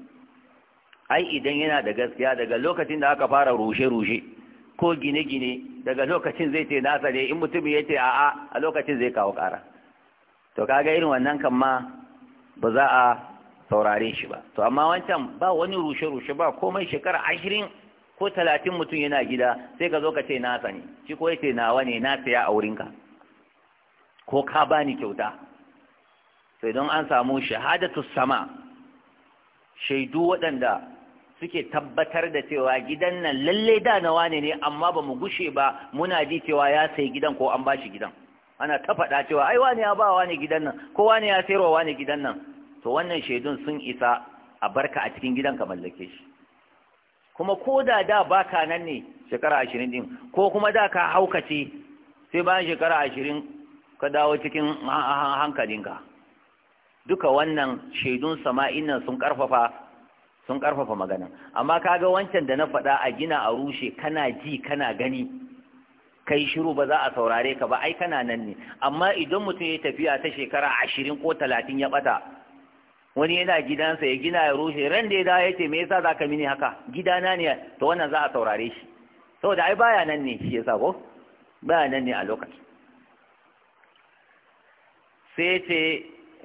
ai idan yana da gaskiya daga lokacin da aka fara rushe-rushe ko gine-gine daga lokacin zai ce nasa ne in mutum ya ce a'a a lokacin zai kawo ƙara to kaga irin wannan kan ma ba za a saurare shi ba to amma wancan ba wani rushe-rushe ba komai shekara ashirin ko talatin mutum yana gida sai ka zo ka ce nasa ne shi ko yace nawa ne na saya a wurinka ko ka bani kyauta sai don an samu shahadatu sama shaidu waɗanda suke tabbatar da cewa gidan nan lallai da nawa ne amma ba mu gushe ba muna ji cewa ya sai gidan ko an ba shi gidan ana ta faɗa cewa ai wani ya ba wani gidan nan ko wani ya sayarwa wani gidan nan to wannan shaidun sun isa a barka a cikin gidan ka mallake shi kuma ko da da baka nan ne shekara ashirin din ko kuma da ka haukace sai bayan shekara ashirin ka dawo cikin hankalin hankalinka duka wannan shaidun sama'in nan sun karfafa sun karfafa magana amma kaga wancan da na faɗa a gina a rushe kana ji kana gani kai shiru ba za a saurare ka ba ai kana nan ne amma idan mutum ya tafiya ta shekara ashirin ko talatin ya bata wani yana gidansa ya gina ya rushe ran da ya dawo ya ce me yasa zaka mini haka gidana ne to wannan za a saurare shi saboda ai baya nan ne shi yasa ko baya nan ne a lokaci sai ce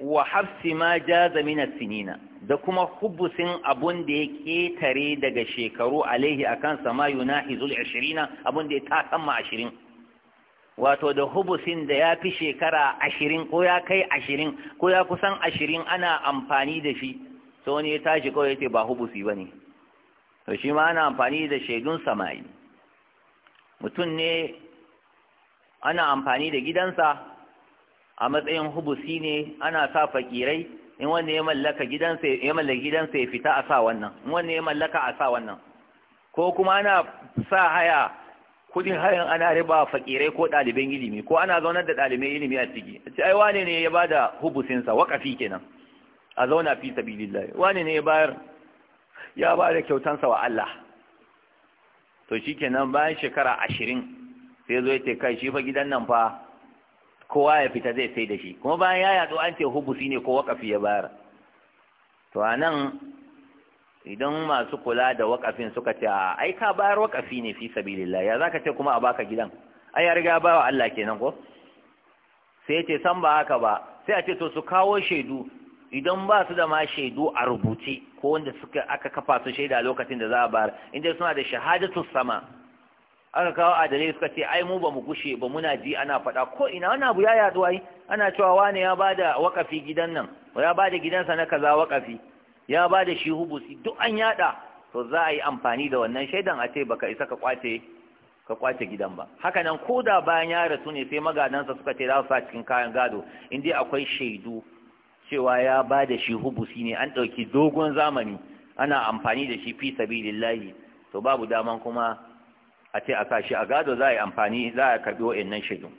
wa hafsi ma jaza min sinina da kuma hubusin abun da ya ketare daga shekaru alaihi akan sama yunahizul ashirina abun da ya kama ashirin. wato da hubusin da ya fi shekara ashirin ko ya kai ashirin ko ya kusan ashirin ana amfani da shi sai wani ya tashi kawai yace ba hubusi ne to shi ma ana amfani da shaidun samayi mutum ne ana amfani da gidansa a matsayin hubusi ne ana sa fakirai in wanne ya mallaka gidansa ya mallaka gidansa ya fita a sa wannan in wanne ya mallaka a sa wannan ko kuma ana sa haya kudin hayan ana riba fakirai ko ɗaliban ilimi ko ana zaunar da ɗaliban ilimi a ciki ce ai wane ne ya bada hubusin sa waqafi kenan a zauna fi sabilillah wane ne ya bayar ya bada kyautan sa wa Allah to shikenan bayan shekara 20 sai zo ya kai shi fa gidan nan fa kowa ya fita zai sai da shi kuma bayan ya yaɗu an ce hubusi ne ko wakafi ya bayar to a nan idan masu kula da wakafin suka ce a ai ka bayar wakafi ne fi sabilillah ya zaka ce kuma a baka gidan ai ya riga bawa Allah kenan ko sai ce san ba haka ba sai a ce to su kawo shaidu idan ba su da ma shaidu a rubuce ko wanda suka aka kafa su shaida lokacin da za a bayar inda suna da shahadatu sama aka kawo dare suka ce ai mu ba mu gushe ba muna ji ana faɗa ko ina wani abu ya yaɗu ai ana cewa wani ya bada wakafi gidan nan ya bada gidansa na kaza wakafi ya bada shi hubusi duk an yaɗa to za a yi amfani da wannan shaidan a ce baka isa ka kwace ka kwace gidan ba haka nan ko da bayan ya rasu ne sai magadansa suka ce za su sa cikin kayan gado in dai akwai shaidu cewa ya bada shi hubusi ne an ɗauki dogon zamani ana amfani da shi fi sabilillahi to babu daman kuma a ce a sa shi a gado za a yi amfani za a karɓi wa'annan shaidu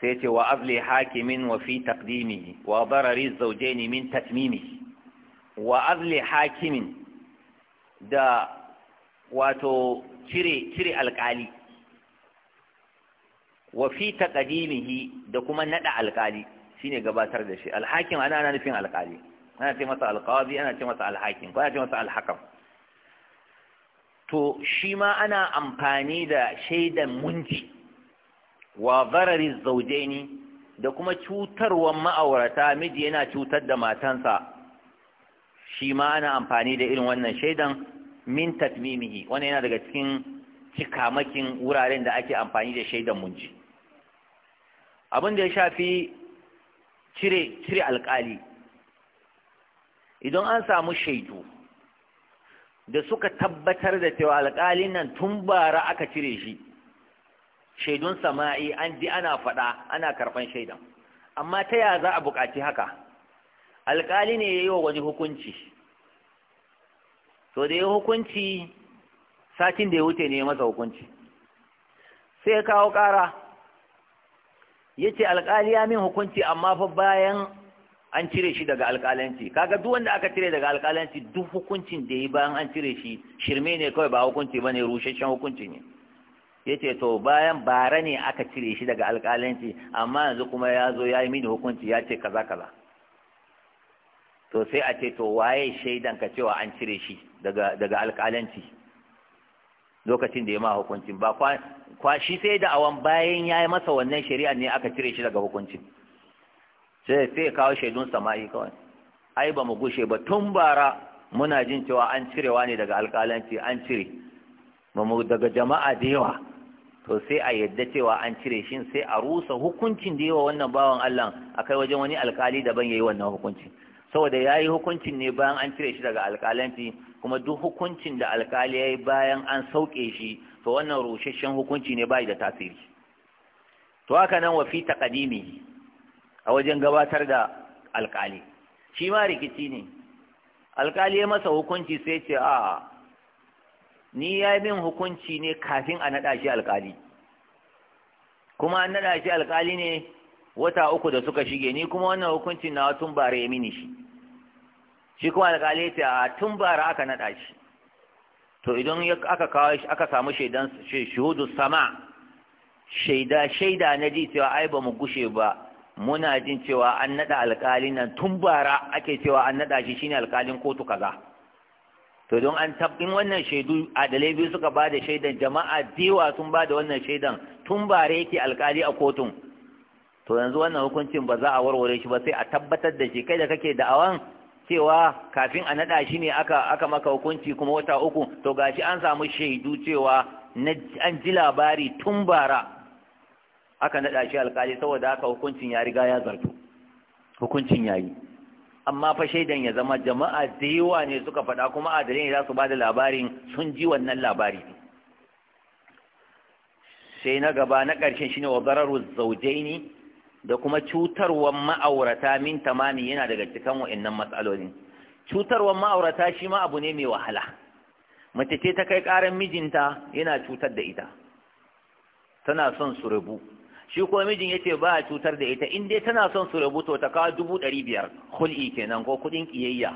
sai ce wa abli hakimin wa fi takdimi wa barari ne min tatmimi wa abli hakimin da wato cire cire alƙali wa fi taqdimihi da kuma nada alƙali shine gabatar da shi alhakim ana nufin alƙali ana ce masa alqazi ana ce masa alhakim ko ana ce masa alhakam to shi ma ana amfani da shaidan munci wa zararin zaujeni da kuma cutarwar ma'aurata miji yana cutar da matansa shi ma ana amfani da irin wannan shaidan min tatmimihi wani yana daga cikin cikamakin wuraren da ake amfani da shaidan munci abin da ya shafi cire cire alkali idan an samu shaidu da suka tabbatar da cewa alƙalin nan tun bara aka cire shi shaidun sama'i an ji ana faɗa ana karɓan shaidan amma ta ya za a buƙaci haka alƙali ne ya yi wa wani hukunci to da ya hukunci satin da ya wuce ne ya masa hukunci sai ya kawo ƙara ya ce alƙali ya min hukunci amma fa bayan an cire shi daga alƙalanci kaga duk wanda aka cire daga alƙalanci duk hukuncin da yi bayan an cire shi shirme ne kawai ba hukunci bane rusheshen hukunci ne yace to bayan bara ne aka cire shi daga alƙalanci amma yanzu kuma ya zo ya yi mini hukunci ya ce kaza kaza to sai a ce to waye shaidan ka cewa an cire shi daga daga alƙalanci lokacin da ya ma hukuncin ba kwa shi sai da awan bayan ya yi masa wannan shari'a ne aka cire shi daga hukuncin sai sai kawo shaidun sama'i kawai ai ba mu gushe ba tun bara muna jin cewa an cirewa ne daga alƙalanci an cire ba mu daga jama'a da yawa to sai a yadda cewa an cire shi sai a rusa hukuncin da yawa wannan bawan Allah akai wajen wani alƙali daban yayi wannan hukunci saboda yayi hukuncin ne bayan an cire shi daga alƙalanci kuma duk hukuncin da alƙali yayi bayan an sauke shi to wannan shan hukunci ne bai da tasiri to haka nan wa fi taqdimi a wajen gabatar da alkali shi ma rikici ne alkali ya masa hukunci sai ce a ni ya yi min hukunci ne kafin a naɗa shi alkali kuma an naɗa shi alkali ne wata uku da suka shige ni kuma wannan hukuncin na tun bara ya mini shi shi kuma alkali ya ce a tun bara aka naɗa shi to idan aka kawo aka samu shaidan shuhudu sama shaida shaida na ji cewa ai ba mu gushe ba muna jin cewa an naɗa alƙalin nan tun bara ake cewa an naɗa shi shine alƙalin kotu kaza to don an tabbin wannan shaidu adalai biyu suka ba da shaidan jama'a dewa sun ba da wannan shaidan tun bara yake alƙali a kotun to yanzu wannan hukuncin ba za a warware shi ba sai a tabbatar da shi kai da kake da'awan cewa kafin a naɗa shi ne aka aka maka hukunci kuma wata uku to gashi an samu shaidu cewa an ji labari tun bara aka naɗa shi alƙali saboda haka hukuncin ya riga ya zartu hukuncin ya yi amma fa shaidan ya zama jama'a da yawa ne suka faɗa kuma adalai ne za su ba da labarin sun ji wannan labari sai na gaba na ƙarshen ne wa zararu zaujaini da kuma cutarwar ma'aurata min tamami yana daga cikin wa'annan matsalolin cutarwar ma'aurata shi ma abu ne mai wahala mace ce ta kai ƙarar mijinta yana cutar da ita tana son su rubu shi ko mijin yace ba a cutar da ita in dai tana son su rubuto ta kawo dubu ɗari biyar hul'i kenan ko kuɗin ƙiyayya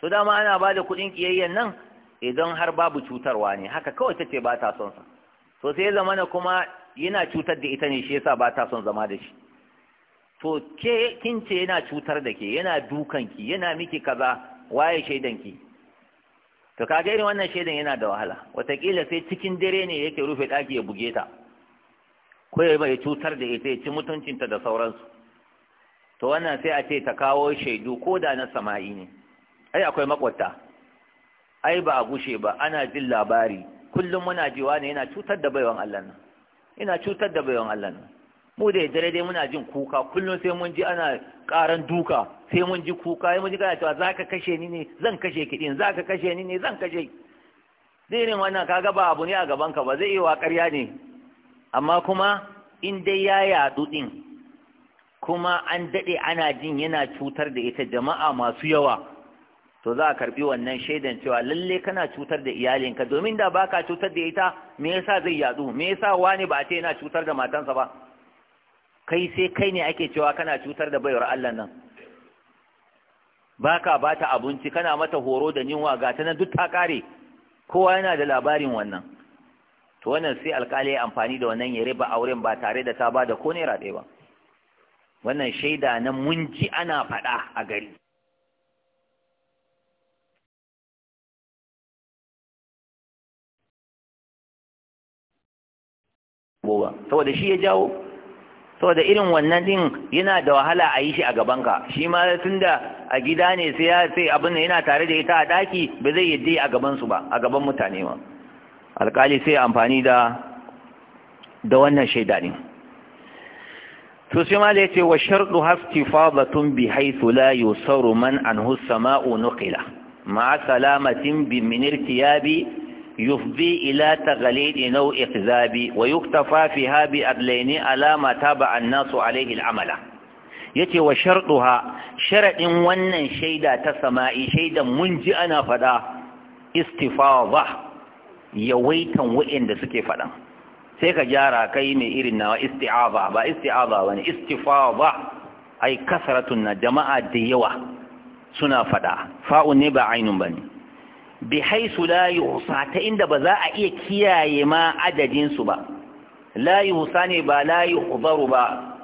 to dama ana bada da kuɗin ƙiyayyan nan idan har babu cutarwa ne haka kawai ta ce ba ta son sa to sai zamana kuma yana cutar da ita ne shi yasa ba ta son zama da shi to ke kin ce yana cutar da ke yana dukan ki yana miki kaza waye shaidan ki to kaga irin wannan shaidan yana da wahala wataƙila sai cikin dare ne yake rufe ɗaki ya buge ta ko ya bai cutar da ita ya ci mutuncinta da sauransu to wannan sai a ce ta kawo shaidu ko da na sama'i ne ai akwai makwata ai ba a gushe ba ana jin labari kullum muna jiwa ne yana cutar da baiwan Allah nan yana cutar da baiwan Allah nan mu da dare dai muna jin kuka kullum sai mun ji ana karan duka sai mun ji kuka sai mun ji kana cewa zaka kashe ni ne zan kashe ki din zaka kashe ni ne zan kashe ne wannan kaga ba abu ne a gaban ka ba zai yi wa ƙarya ne amma kuma in dai ya yadu din kuma an dade ana jin yana cutar da ita jama'a masu yawa to za a karbi wannan shaidan cewa lalle kana cutar da iyalinka domin da baka cutar da ita me yasa zai yadu me yasa wani ba a ce yana cutar da matansa ba kai sai kai ne ake cewa kana cutar da baiwar Allah nan baka bata abinci kana mata horo da ninwa? ga ta nan duk ta kare kowa yana da labarin wannan to wannan sai alkali ya amfani da wannan ya riba auren ba tare da ta ba da ko naira ɗaya ba wannan shaida na munji ana faɗa a gari boba saboda shi ya jawo saboda irin wannan din yana da wahala a yi shi a gabanka shi ma da a gida ne sai abin da yana tare da ita a ɗaki, ba zai yadda a gabansu ba a gaban mutane ba. alƙali sai amfani da wannan shaida ne to sai ma da yace wa shartu hafti bi haythu la yusaru man anhu as-sama'u nuqila ma salamatin bi min irtiyabi yufdi ila taghlid naw iqzabi wa yuktafa fiha bi adlaini alama taba an-nasu alayhi al-amala yace wa shartuha sharaɗin wannan shaida ta sama'i shaidan mun ji ana fada istifadha yawaitan wa'inda suke faɗan sai ka gyara kai mai irin nawa isti'aza ba isti'aza ba ne istifada ai kasaratun na jama'a da yawa suna faɗa fa'un ne ba ainun ba ne bi haisu la ta inda ba za a iya kiyaye ma adadin su ba Layi husa ne ba layi yuhdaru ba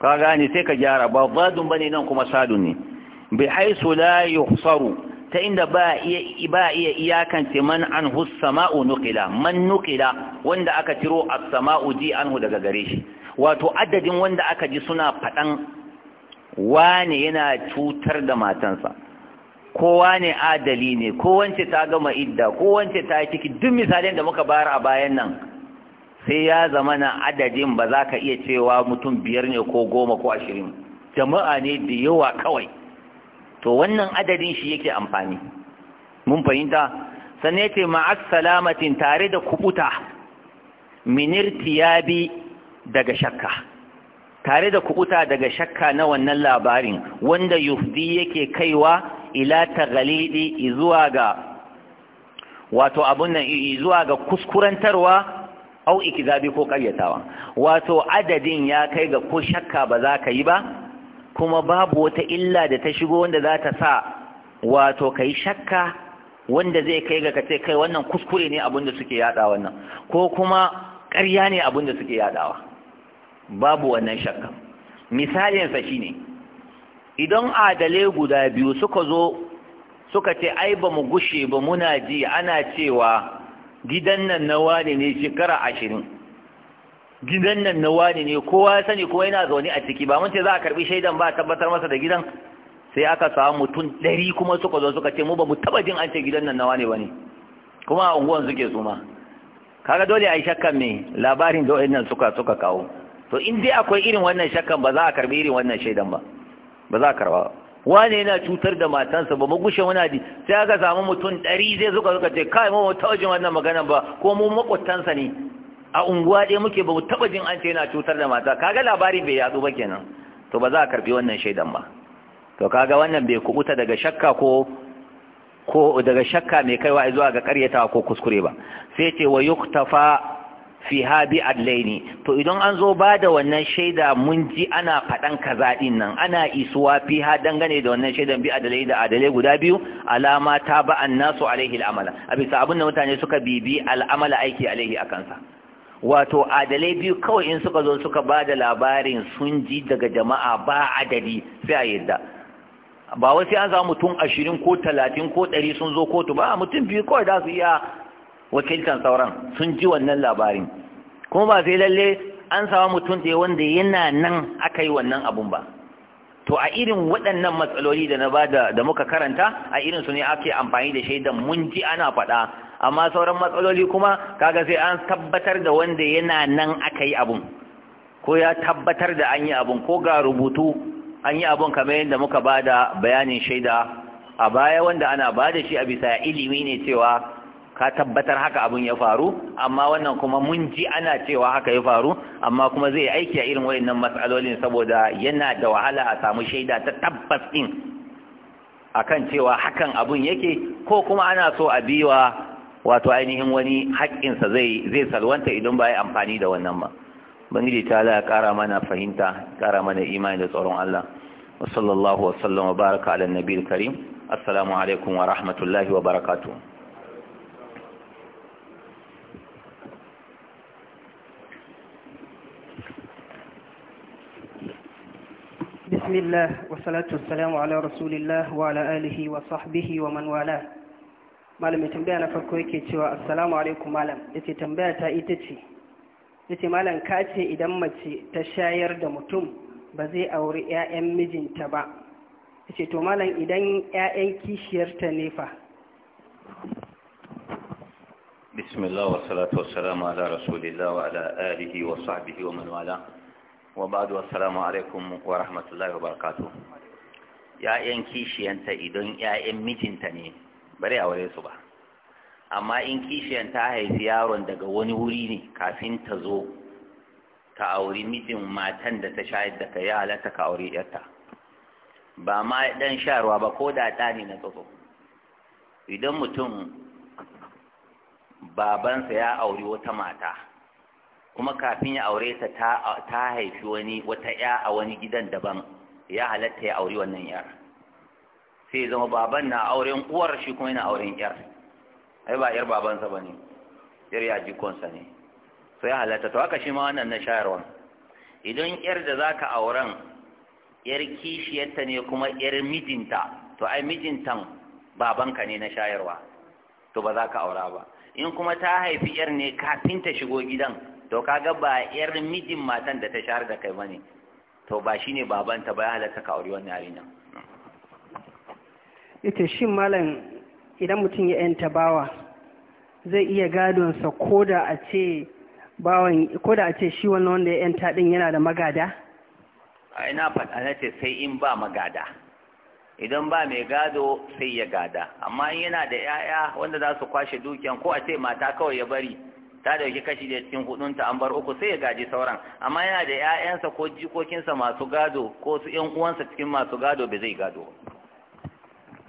ka gane sai ka gyara ba zadun bane nan kuma sadun ne bi haisu la ta inda ba iya ba iya iyakance man an sama'u nukila, man nuqila wanda aka ciro as-sama'u ji anhu daga gare shi wato adadin wanda aka ji suna faɗan. wane yana cutar da matansa kowa ne adali ne ko wance ta gama idda ko wance ta ciki duk misalin da muka bayar a bayan nan sai ya zama na adadin ba za ka iya cewa mutum biyar ne ko goma ko ashirin jama'a ne da yawa kawai to wannan adadin shi yake amfani mun fahimta sannan yace ma'as salamatin tare da kubuta tiyabi daga shakka tare da kubuta daga shakka na wannan labarin wanda yufdi yake kaiwa ila taghalidi zuwa ga wato abun nan zuwa ga kuskurantarwa au ikizabi ko karyatawa wato adadin ya kai ga ko shakka ba za ka yi ba kuma babu wata illa da ta shigo wanda za ta sa wato kai shakka wanda zai kai ga kace kai wannan kuskure ne abinda suke yada wannan ko kuma ƙarya ne abinda suke yadawa babu wannan shakka misalin sa shine idan adale guda biyu suka zo suka ce ai ba mu gushe ba muna ji ana cewa gidan nan na wane ne shekara ashirin gidan nan na wani ne kowa ya sani kowa yana zaune a ciki ba mun ce za a karbi shaidan ba a tabbatar masa da gidan sai aka samu mutum ɗari kuma suka zo suka ce mu ba mu taba jin an ce gidan nan na wani bane kuma a unguwan suke suma. kaga dole yi shakkan me labarin da wannan suka suka kawo to in dai akwai irin wannan shakkan ba za a karbi irin wannan shaidan ba ba za a karba wane yana cutar da matansa ba mu gushe muna di sai aka samu mutum ɗari zai suka suka ce kai mu ta wajen wannan magana ba ko mu makwatansa ne a unguwa dai muke ba mu taba jin an ce yana cutar da mata kaga labari bai yadu ba kenan to ba za a karbi wannan shaidan ba to kaga wannan bai kubuta daga shakka ko ko daga shakka mai kaiwa zuwa ga ƙaryata ko kuskure ba sai ce wa yuktafa fi habi adlaini to idan an zo ba da wannan shaida mun ji ana faɗan kaza din nan ana isuwa fi ha dangane da wannan shaidan bi adalai da adalai guda biyu alama ta ba nasu alaihi al'amala a bisa abin da mutane suka bibi al'amala aiki alaihi kansa. wato adalai biyu kawai in suka zo suka ba da labarin sun ji daga jama'a ba adadi sai a yadda ba wasu ya an samu mutum ashirin ko talatin ko ɗari sun zo kotu ba mutum biyu kawai za su iya wakiltan sauran sun ji wannan labarin kuma ba sai lalle an samu mutum ɗaya wanda yana nan aka yi wannan abun ba to a irin waɗannan matsaloli da na ba da muka karanta a irin su ne ake amfani da shaidan mun ji ana faɗa amma sauran matsaloli kuma kaga sai an tabbatar da wanda yana nan aka yi abun ko ya tabbatar da an yi abun ko ga rubutu an yi abun kamar yadda muka ba da bayanin shaida a baya wanda ana ba da shi a bisa ilimi ne cewa ka tabbatar haka abun ya faru amma wannan kuma mun ji ana cewa haka ya faru amma kuma zai aiki a irin wayannan matsalolin saboda yana da wahala a samu shaida ta tabbas din akan cewa hakan abun yake ko kuma ana so a biwa wato ainihin wani haƙƙinsa zai zai salwanta idan ba ya amfani da wannan ba bangiji ta Allah ya ƙara mana fahimta ƙara mana imani da tsoron Allah wa sallallahu wa baraka ala nabiyil karim assalamu alaikum wa rahmatullahi wa barakatuh بسم الله والصلاة والسلام على رسول الله وعلى آله وصحبه ومن والاه malamin tambaya na farko yake cewa assalamu alaikum malam ce tambaya ta ita ce ce malam ka ce idan mace ta shayar da mutum ba zai auri 'ya'yan mijinta ba ce to malam idan 'ya'yan kishiyarta ne fa bismillah wa salatu wassalamu ala rasulillah wa ala alihi wa sahbihi wa man wala wa ba'du assalamu alaikum wa rahmatullahi wa barakatuh Ya'yan kishiyanta idan 'ya'yan mijinta ne bare aure su ba amma in kishiyan ta haifi yaron daga wani wuri ne kafin ta zo ka auri mijin matan da ta shayar da ka ya halatta ka aure yarta ba ma dan sharwa ba ko da ta ne na tsoho idan mutum babansa ya auri wata mata kuma kafin ya aure ta ta haifi wani wata ya a wani gidan daban ya halatta ya auri wannan yara sai ya zama baban na auren uwar shi kuma yana auren yar ai ba yar babansa ba ne yar ya ne sai ya halatta to haka shi ma wannan na shayarwa idan yar da za ka auren yar kishiyarta ne kuma yar mijinta to ai mijintan babanka ne na shayarwa to ba za ka aura ba in kuma ta haifi yar ne kafin ta shigo gidan to kaga ba yar mijin matan da ta shayar da kai bane to ba shine babanta ba ya halatta ka aure wannan yarinya yace shin malam idan mutum ya yanta bawa zai iya gadonsa ko da a ce bawan ko a ce shi wannan wanda ya yanta din yana da magada a ina faɗa na ce sai in ba magada idan ba mai gado sai ya gada amma in yana da 'ya'ya wanda za su kwashe dukiyan ko a ce mata kawai ya bari ta dauki kashi da cikin hudunta an bar uku sai ya gaji sauran amma yana da 'ya'yansa ko jikokinsa masu gado ko su 'yan uwansa cikin masu gado bai zai gado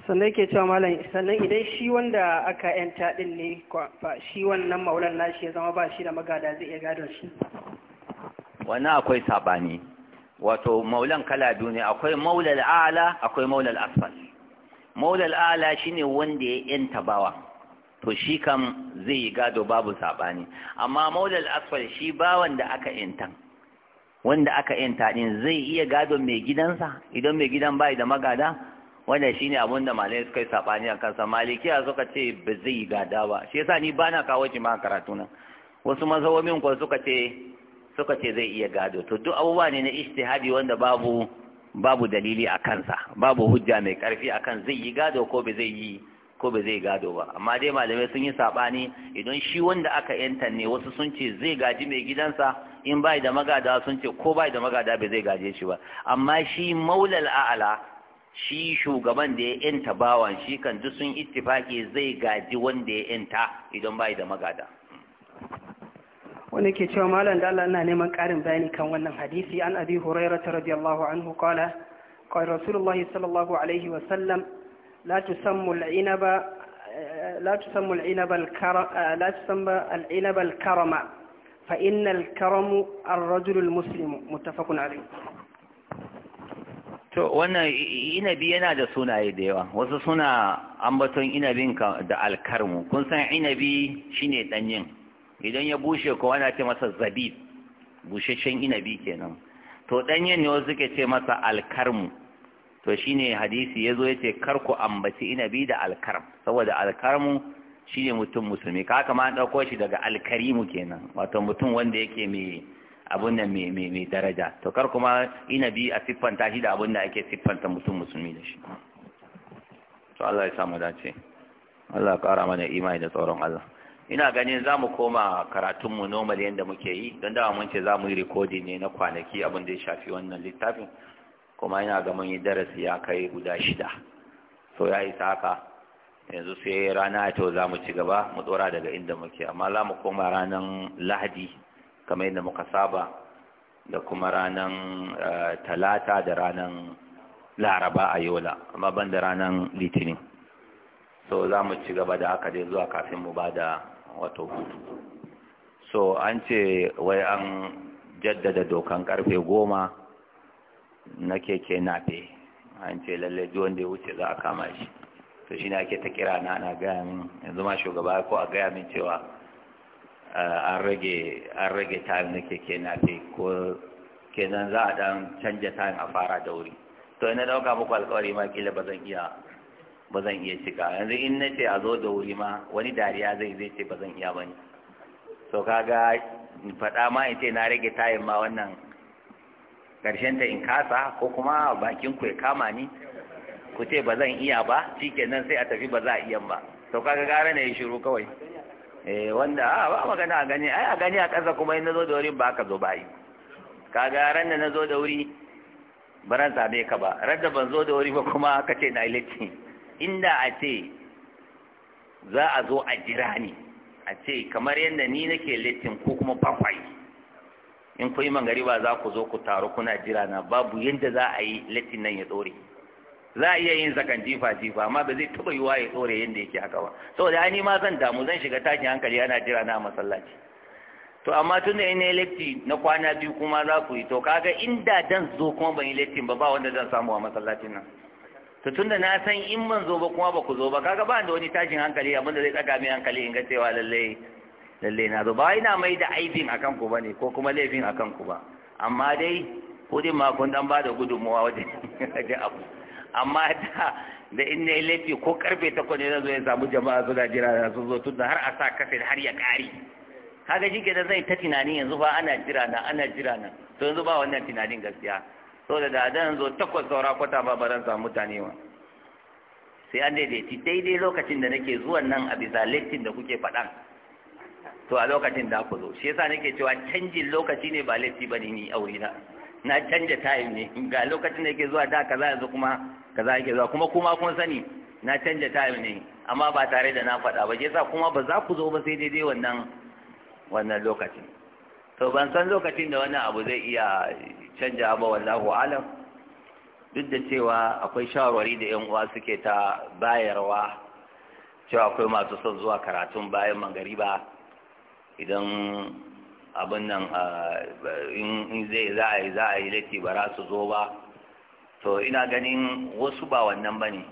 sannan ke cewa malam sannan idan shi wanda aka yanta din ne fa shi wannan maulan nashi ya zama ba shi da magada zai iya gadon shi wannan akwai sabani wato maulan kala biyu ne akwai maulal a'la akwai maulal asfal maulal a'la shine wanda ya yanta bawa to shi kam zai yi gado babu sabani amma maulal asfal shi bawan da aka yanta wanda aka yanta din zai iya gado mai gidansa idan mai gidan bai da magada wannan ne abin da malai suka yi sabani a kansa, malikiya suka ce ba zai gada ba shi yasa ni bana kawo shi ma karatu nan wasu mazhabin ko suka ce suka ce zai iya gado to duk abubuwa ne na ijtihadi wanda babu babu dalili a kansa babu hujja mai karfi akan zai yi gado ko ba zai yi ko ba zai gado ba amma dai malamai sun yi saɓani, idan shi wanda aka yanta ne wasu sun ce zai gaji mai gidansa in bai da magada sun ce ko bai da magada ba zai gaje shi ba amma shi maulal a'ala shi shugaban da ya yanta bawan shi kan duk sun ittifaki zai gaji wanda ya yanta idan bai da magada wani ke cewa malam da Allah ina neman karin bayani kan wannan hadisi an abi hurairah radiyallahu anhu qala qala rasulullahi sallallahu alaihi wa sallam la tusammu al-inaba la tusammu al-inaba al-karama la tusamma al-inaba al-karama fa inna karamu ar-rajulu al-muslimu muttafaqun alayh to wannan inabi yana da sunaye da yawa wasu suna ambaton inabin da alkarmu kun san inabi shine ɗanyen idan ya bushe ko ana ce masa zabib busheshen inabi kenan to ɗanyen ne wasu suke ce masa alkarmu to shine hadisi yazo yace kar ku ambaci inabi da alkarm saboda alkarmu shine mutum musulmi kaka ma dauko shi daga alkarimu kenan wato mutum wanda yake mai abun nan mai mai mai daraja to kar kuma inabi a siffanta shi da abun da ake siffanta mutum musulmi da shi to Allah ya samu dace Allah ya kara mana imani da tsoron Allah ina ganin za mu koma mu normal yadda muke yi don dawa mun ce za mu yi rikodi ne na kwanaki abin da ya shafi wannan littafin kuma ina ga mun yi darasi ya kai guda shida so ya isa haka yanzu sai rana ya to za mu ci gaba mu tsora daga inda muke amma za mu koma ranar lahadi kamar yadda muka saba da kuma ranar eh, talata da ranan laraba a yola amma ban da ranar litinin so za mu ci gaba da haka dai zuwa kafin mu ba da wato hutu so an ce wai an jaddada dokan karfe goma na keke nafe an ce lalle wanda ya wuce za a kama shi to shi ne ake ta kira na ana gaya min yanzu ma shugaba ko a gaya min cewa an rage an time na keke na fi ko kenan za a dan canja time a fara da wuri to ina dauka muku alƙawari ma kila ba zan iya cika yanzu in na ce a zo da wuri ma wani dariya zai zai ce ba zan iya ba bane to kaga faɗa ma in ce na rage time ma wannan karshen ta in kasa ko kuma bakin ku ya kama ni ku ce ba zan iya ba nan sai a tafi ba za a iya ba to kaga gara ne ya shiru kawai eh wanda a ah, ba magana a gani ai a gani a kasa kuma in nazo da wuri ba ka zo bai kaga ran da nazo da wuri baran same ka ba ran da ban zo da wuri ba kuma ka ce na ilati inda a ce za a zo a jira ni a ce kamar yadda ni nake littin ko kuma bakwai in kuyi yi mangariba za ku zo ku taru kuna jira na babu yadda za a yi littin nan ya dore za a iya yin zakan jifa jifa amma ba zai taba yiwa ya tsore yadda yake haka ba saboda ani ma zan damu zan shiga tashin hankali ana jira na masallaci to amma tunda ina yi latti na kwana biyu kuma za ku yi to kaga inda dan zo kuma ban yi latti ba ba wanda zan samu a masallacin nan to tunda na san in ban zo ba kuma ba ku zo ba kaga ba da wani tashin hankali abin da zai tsaka min hankali in ga cewa lalle lalle na zo ba ina mai da aibin akan ku bane ko kuma laifin akan ku ba amma dai ko dai ma dan ba da gudunmuwa wajen abu amma da da in ne laifi ko karfe takwas ne zo ya samu jama'a suna jira na sun zo tun da har a sa kafe har ya ƙari kaga shi kenan zai ta tunanin yanzu ba ana jira na ana jira na to yanzu ba wannan tunanin gaskiya so da dan zo takwas saura kwata ba baran samu mutane ma sai an daidaiti daidai lokacin da nake zuwan nan a bisa laifin da kuke faɗan to a lokacin da ku zo shi yasa nake cewa canjin lokaci ne ba laifi ba ne ni aure na na canja time ne ga lokacin da yake zuwa da kaza yanzu kuma kaza yake zuwa kuma kuma kun sani na canja ta, ne amma ba tare da na faɗa ba sa kuma ba za ku zo ba sai daidai wannan wannan lokacin to ban san lokacin da wannan abu zai iya canja ba wallahu alam duk da cewa akwai shawarwari da yan uwa suke ta bayarwa cewa akwai masu son zuwa karatun bayan mangariba idan abin nan ah, in zai za a yi za a yi lati ba za su zo ba to ina ganin wasu ba wannan ba ne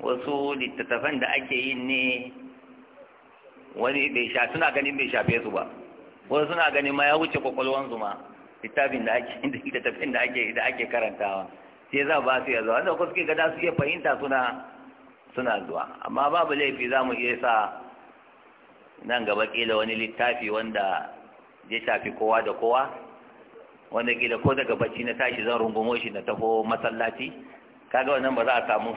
wasu littattafan da ake yin ne wani bai sha suna ganin bai shafe su ba wasu suna ganin ma ya wuce kwakwalwansu ma littafin da ake littattafin da ake da ake karantawa sai za ba su ya zuwa wanda kuma suke gada su iya fahimta suna suna zuwa amma babu laifi za mu iya sa nan gaba kila wani littafi wanda ya shafi kowa da kowa wanda gida ko daga bacci na tashi zan rungumo shi na taho masallaci kaga wannan ba za a samu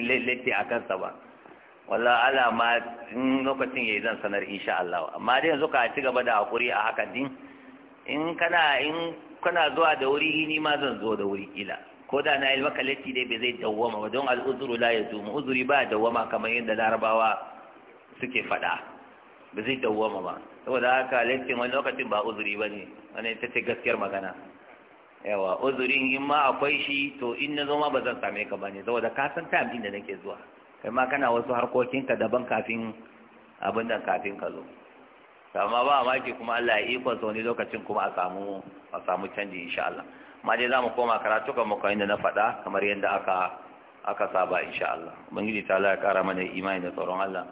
lalle a kansa ba wallahi ala ma in lokacin yayi zan sanar insha Allah amma dai yanzu ka ci gaba da hakuri a hakan din in kana in kana zuwa da wuri ni ma zan zo da wuri kila ko da na yi maka dai bai zai dawwama ba don al'uzuru la ya zumu uzuri ba dawwama kamar yadda larabawa suke faɗa ba zai dawwama ba saboda haka lattin wani lokacin ba uzuri ba ne wannan ita ce gaskiyar magana yawa uzurin in ma akwai shi to in na zo ma ba zan same ka ba ne saboda ka san ta abin da nake zuwa kai ma kana wasu harkokinka daban kafin abin da kafin ka zo amma ba maki kuma Allah ya ikon sa ne lokacin kuma a samu a samu canji insha Allah ma dai zamu koma karatu kan da da na faɗa kamar yadda aka aka saba insha Allah ubangiji ta Allah ya kara mana imani da tsoron Allah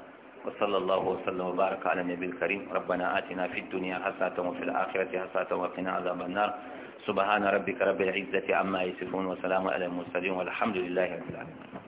وصلى الله وسلم وبارك على النبي الكريم ربنا آتنا في الدنيا حسنة وفي الآخرة حسنة وقنا عذاب النار سبحان ربك رب العزة عما يصفون وسلام على المرسلين والحمد لله رب العالمين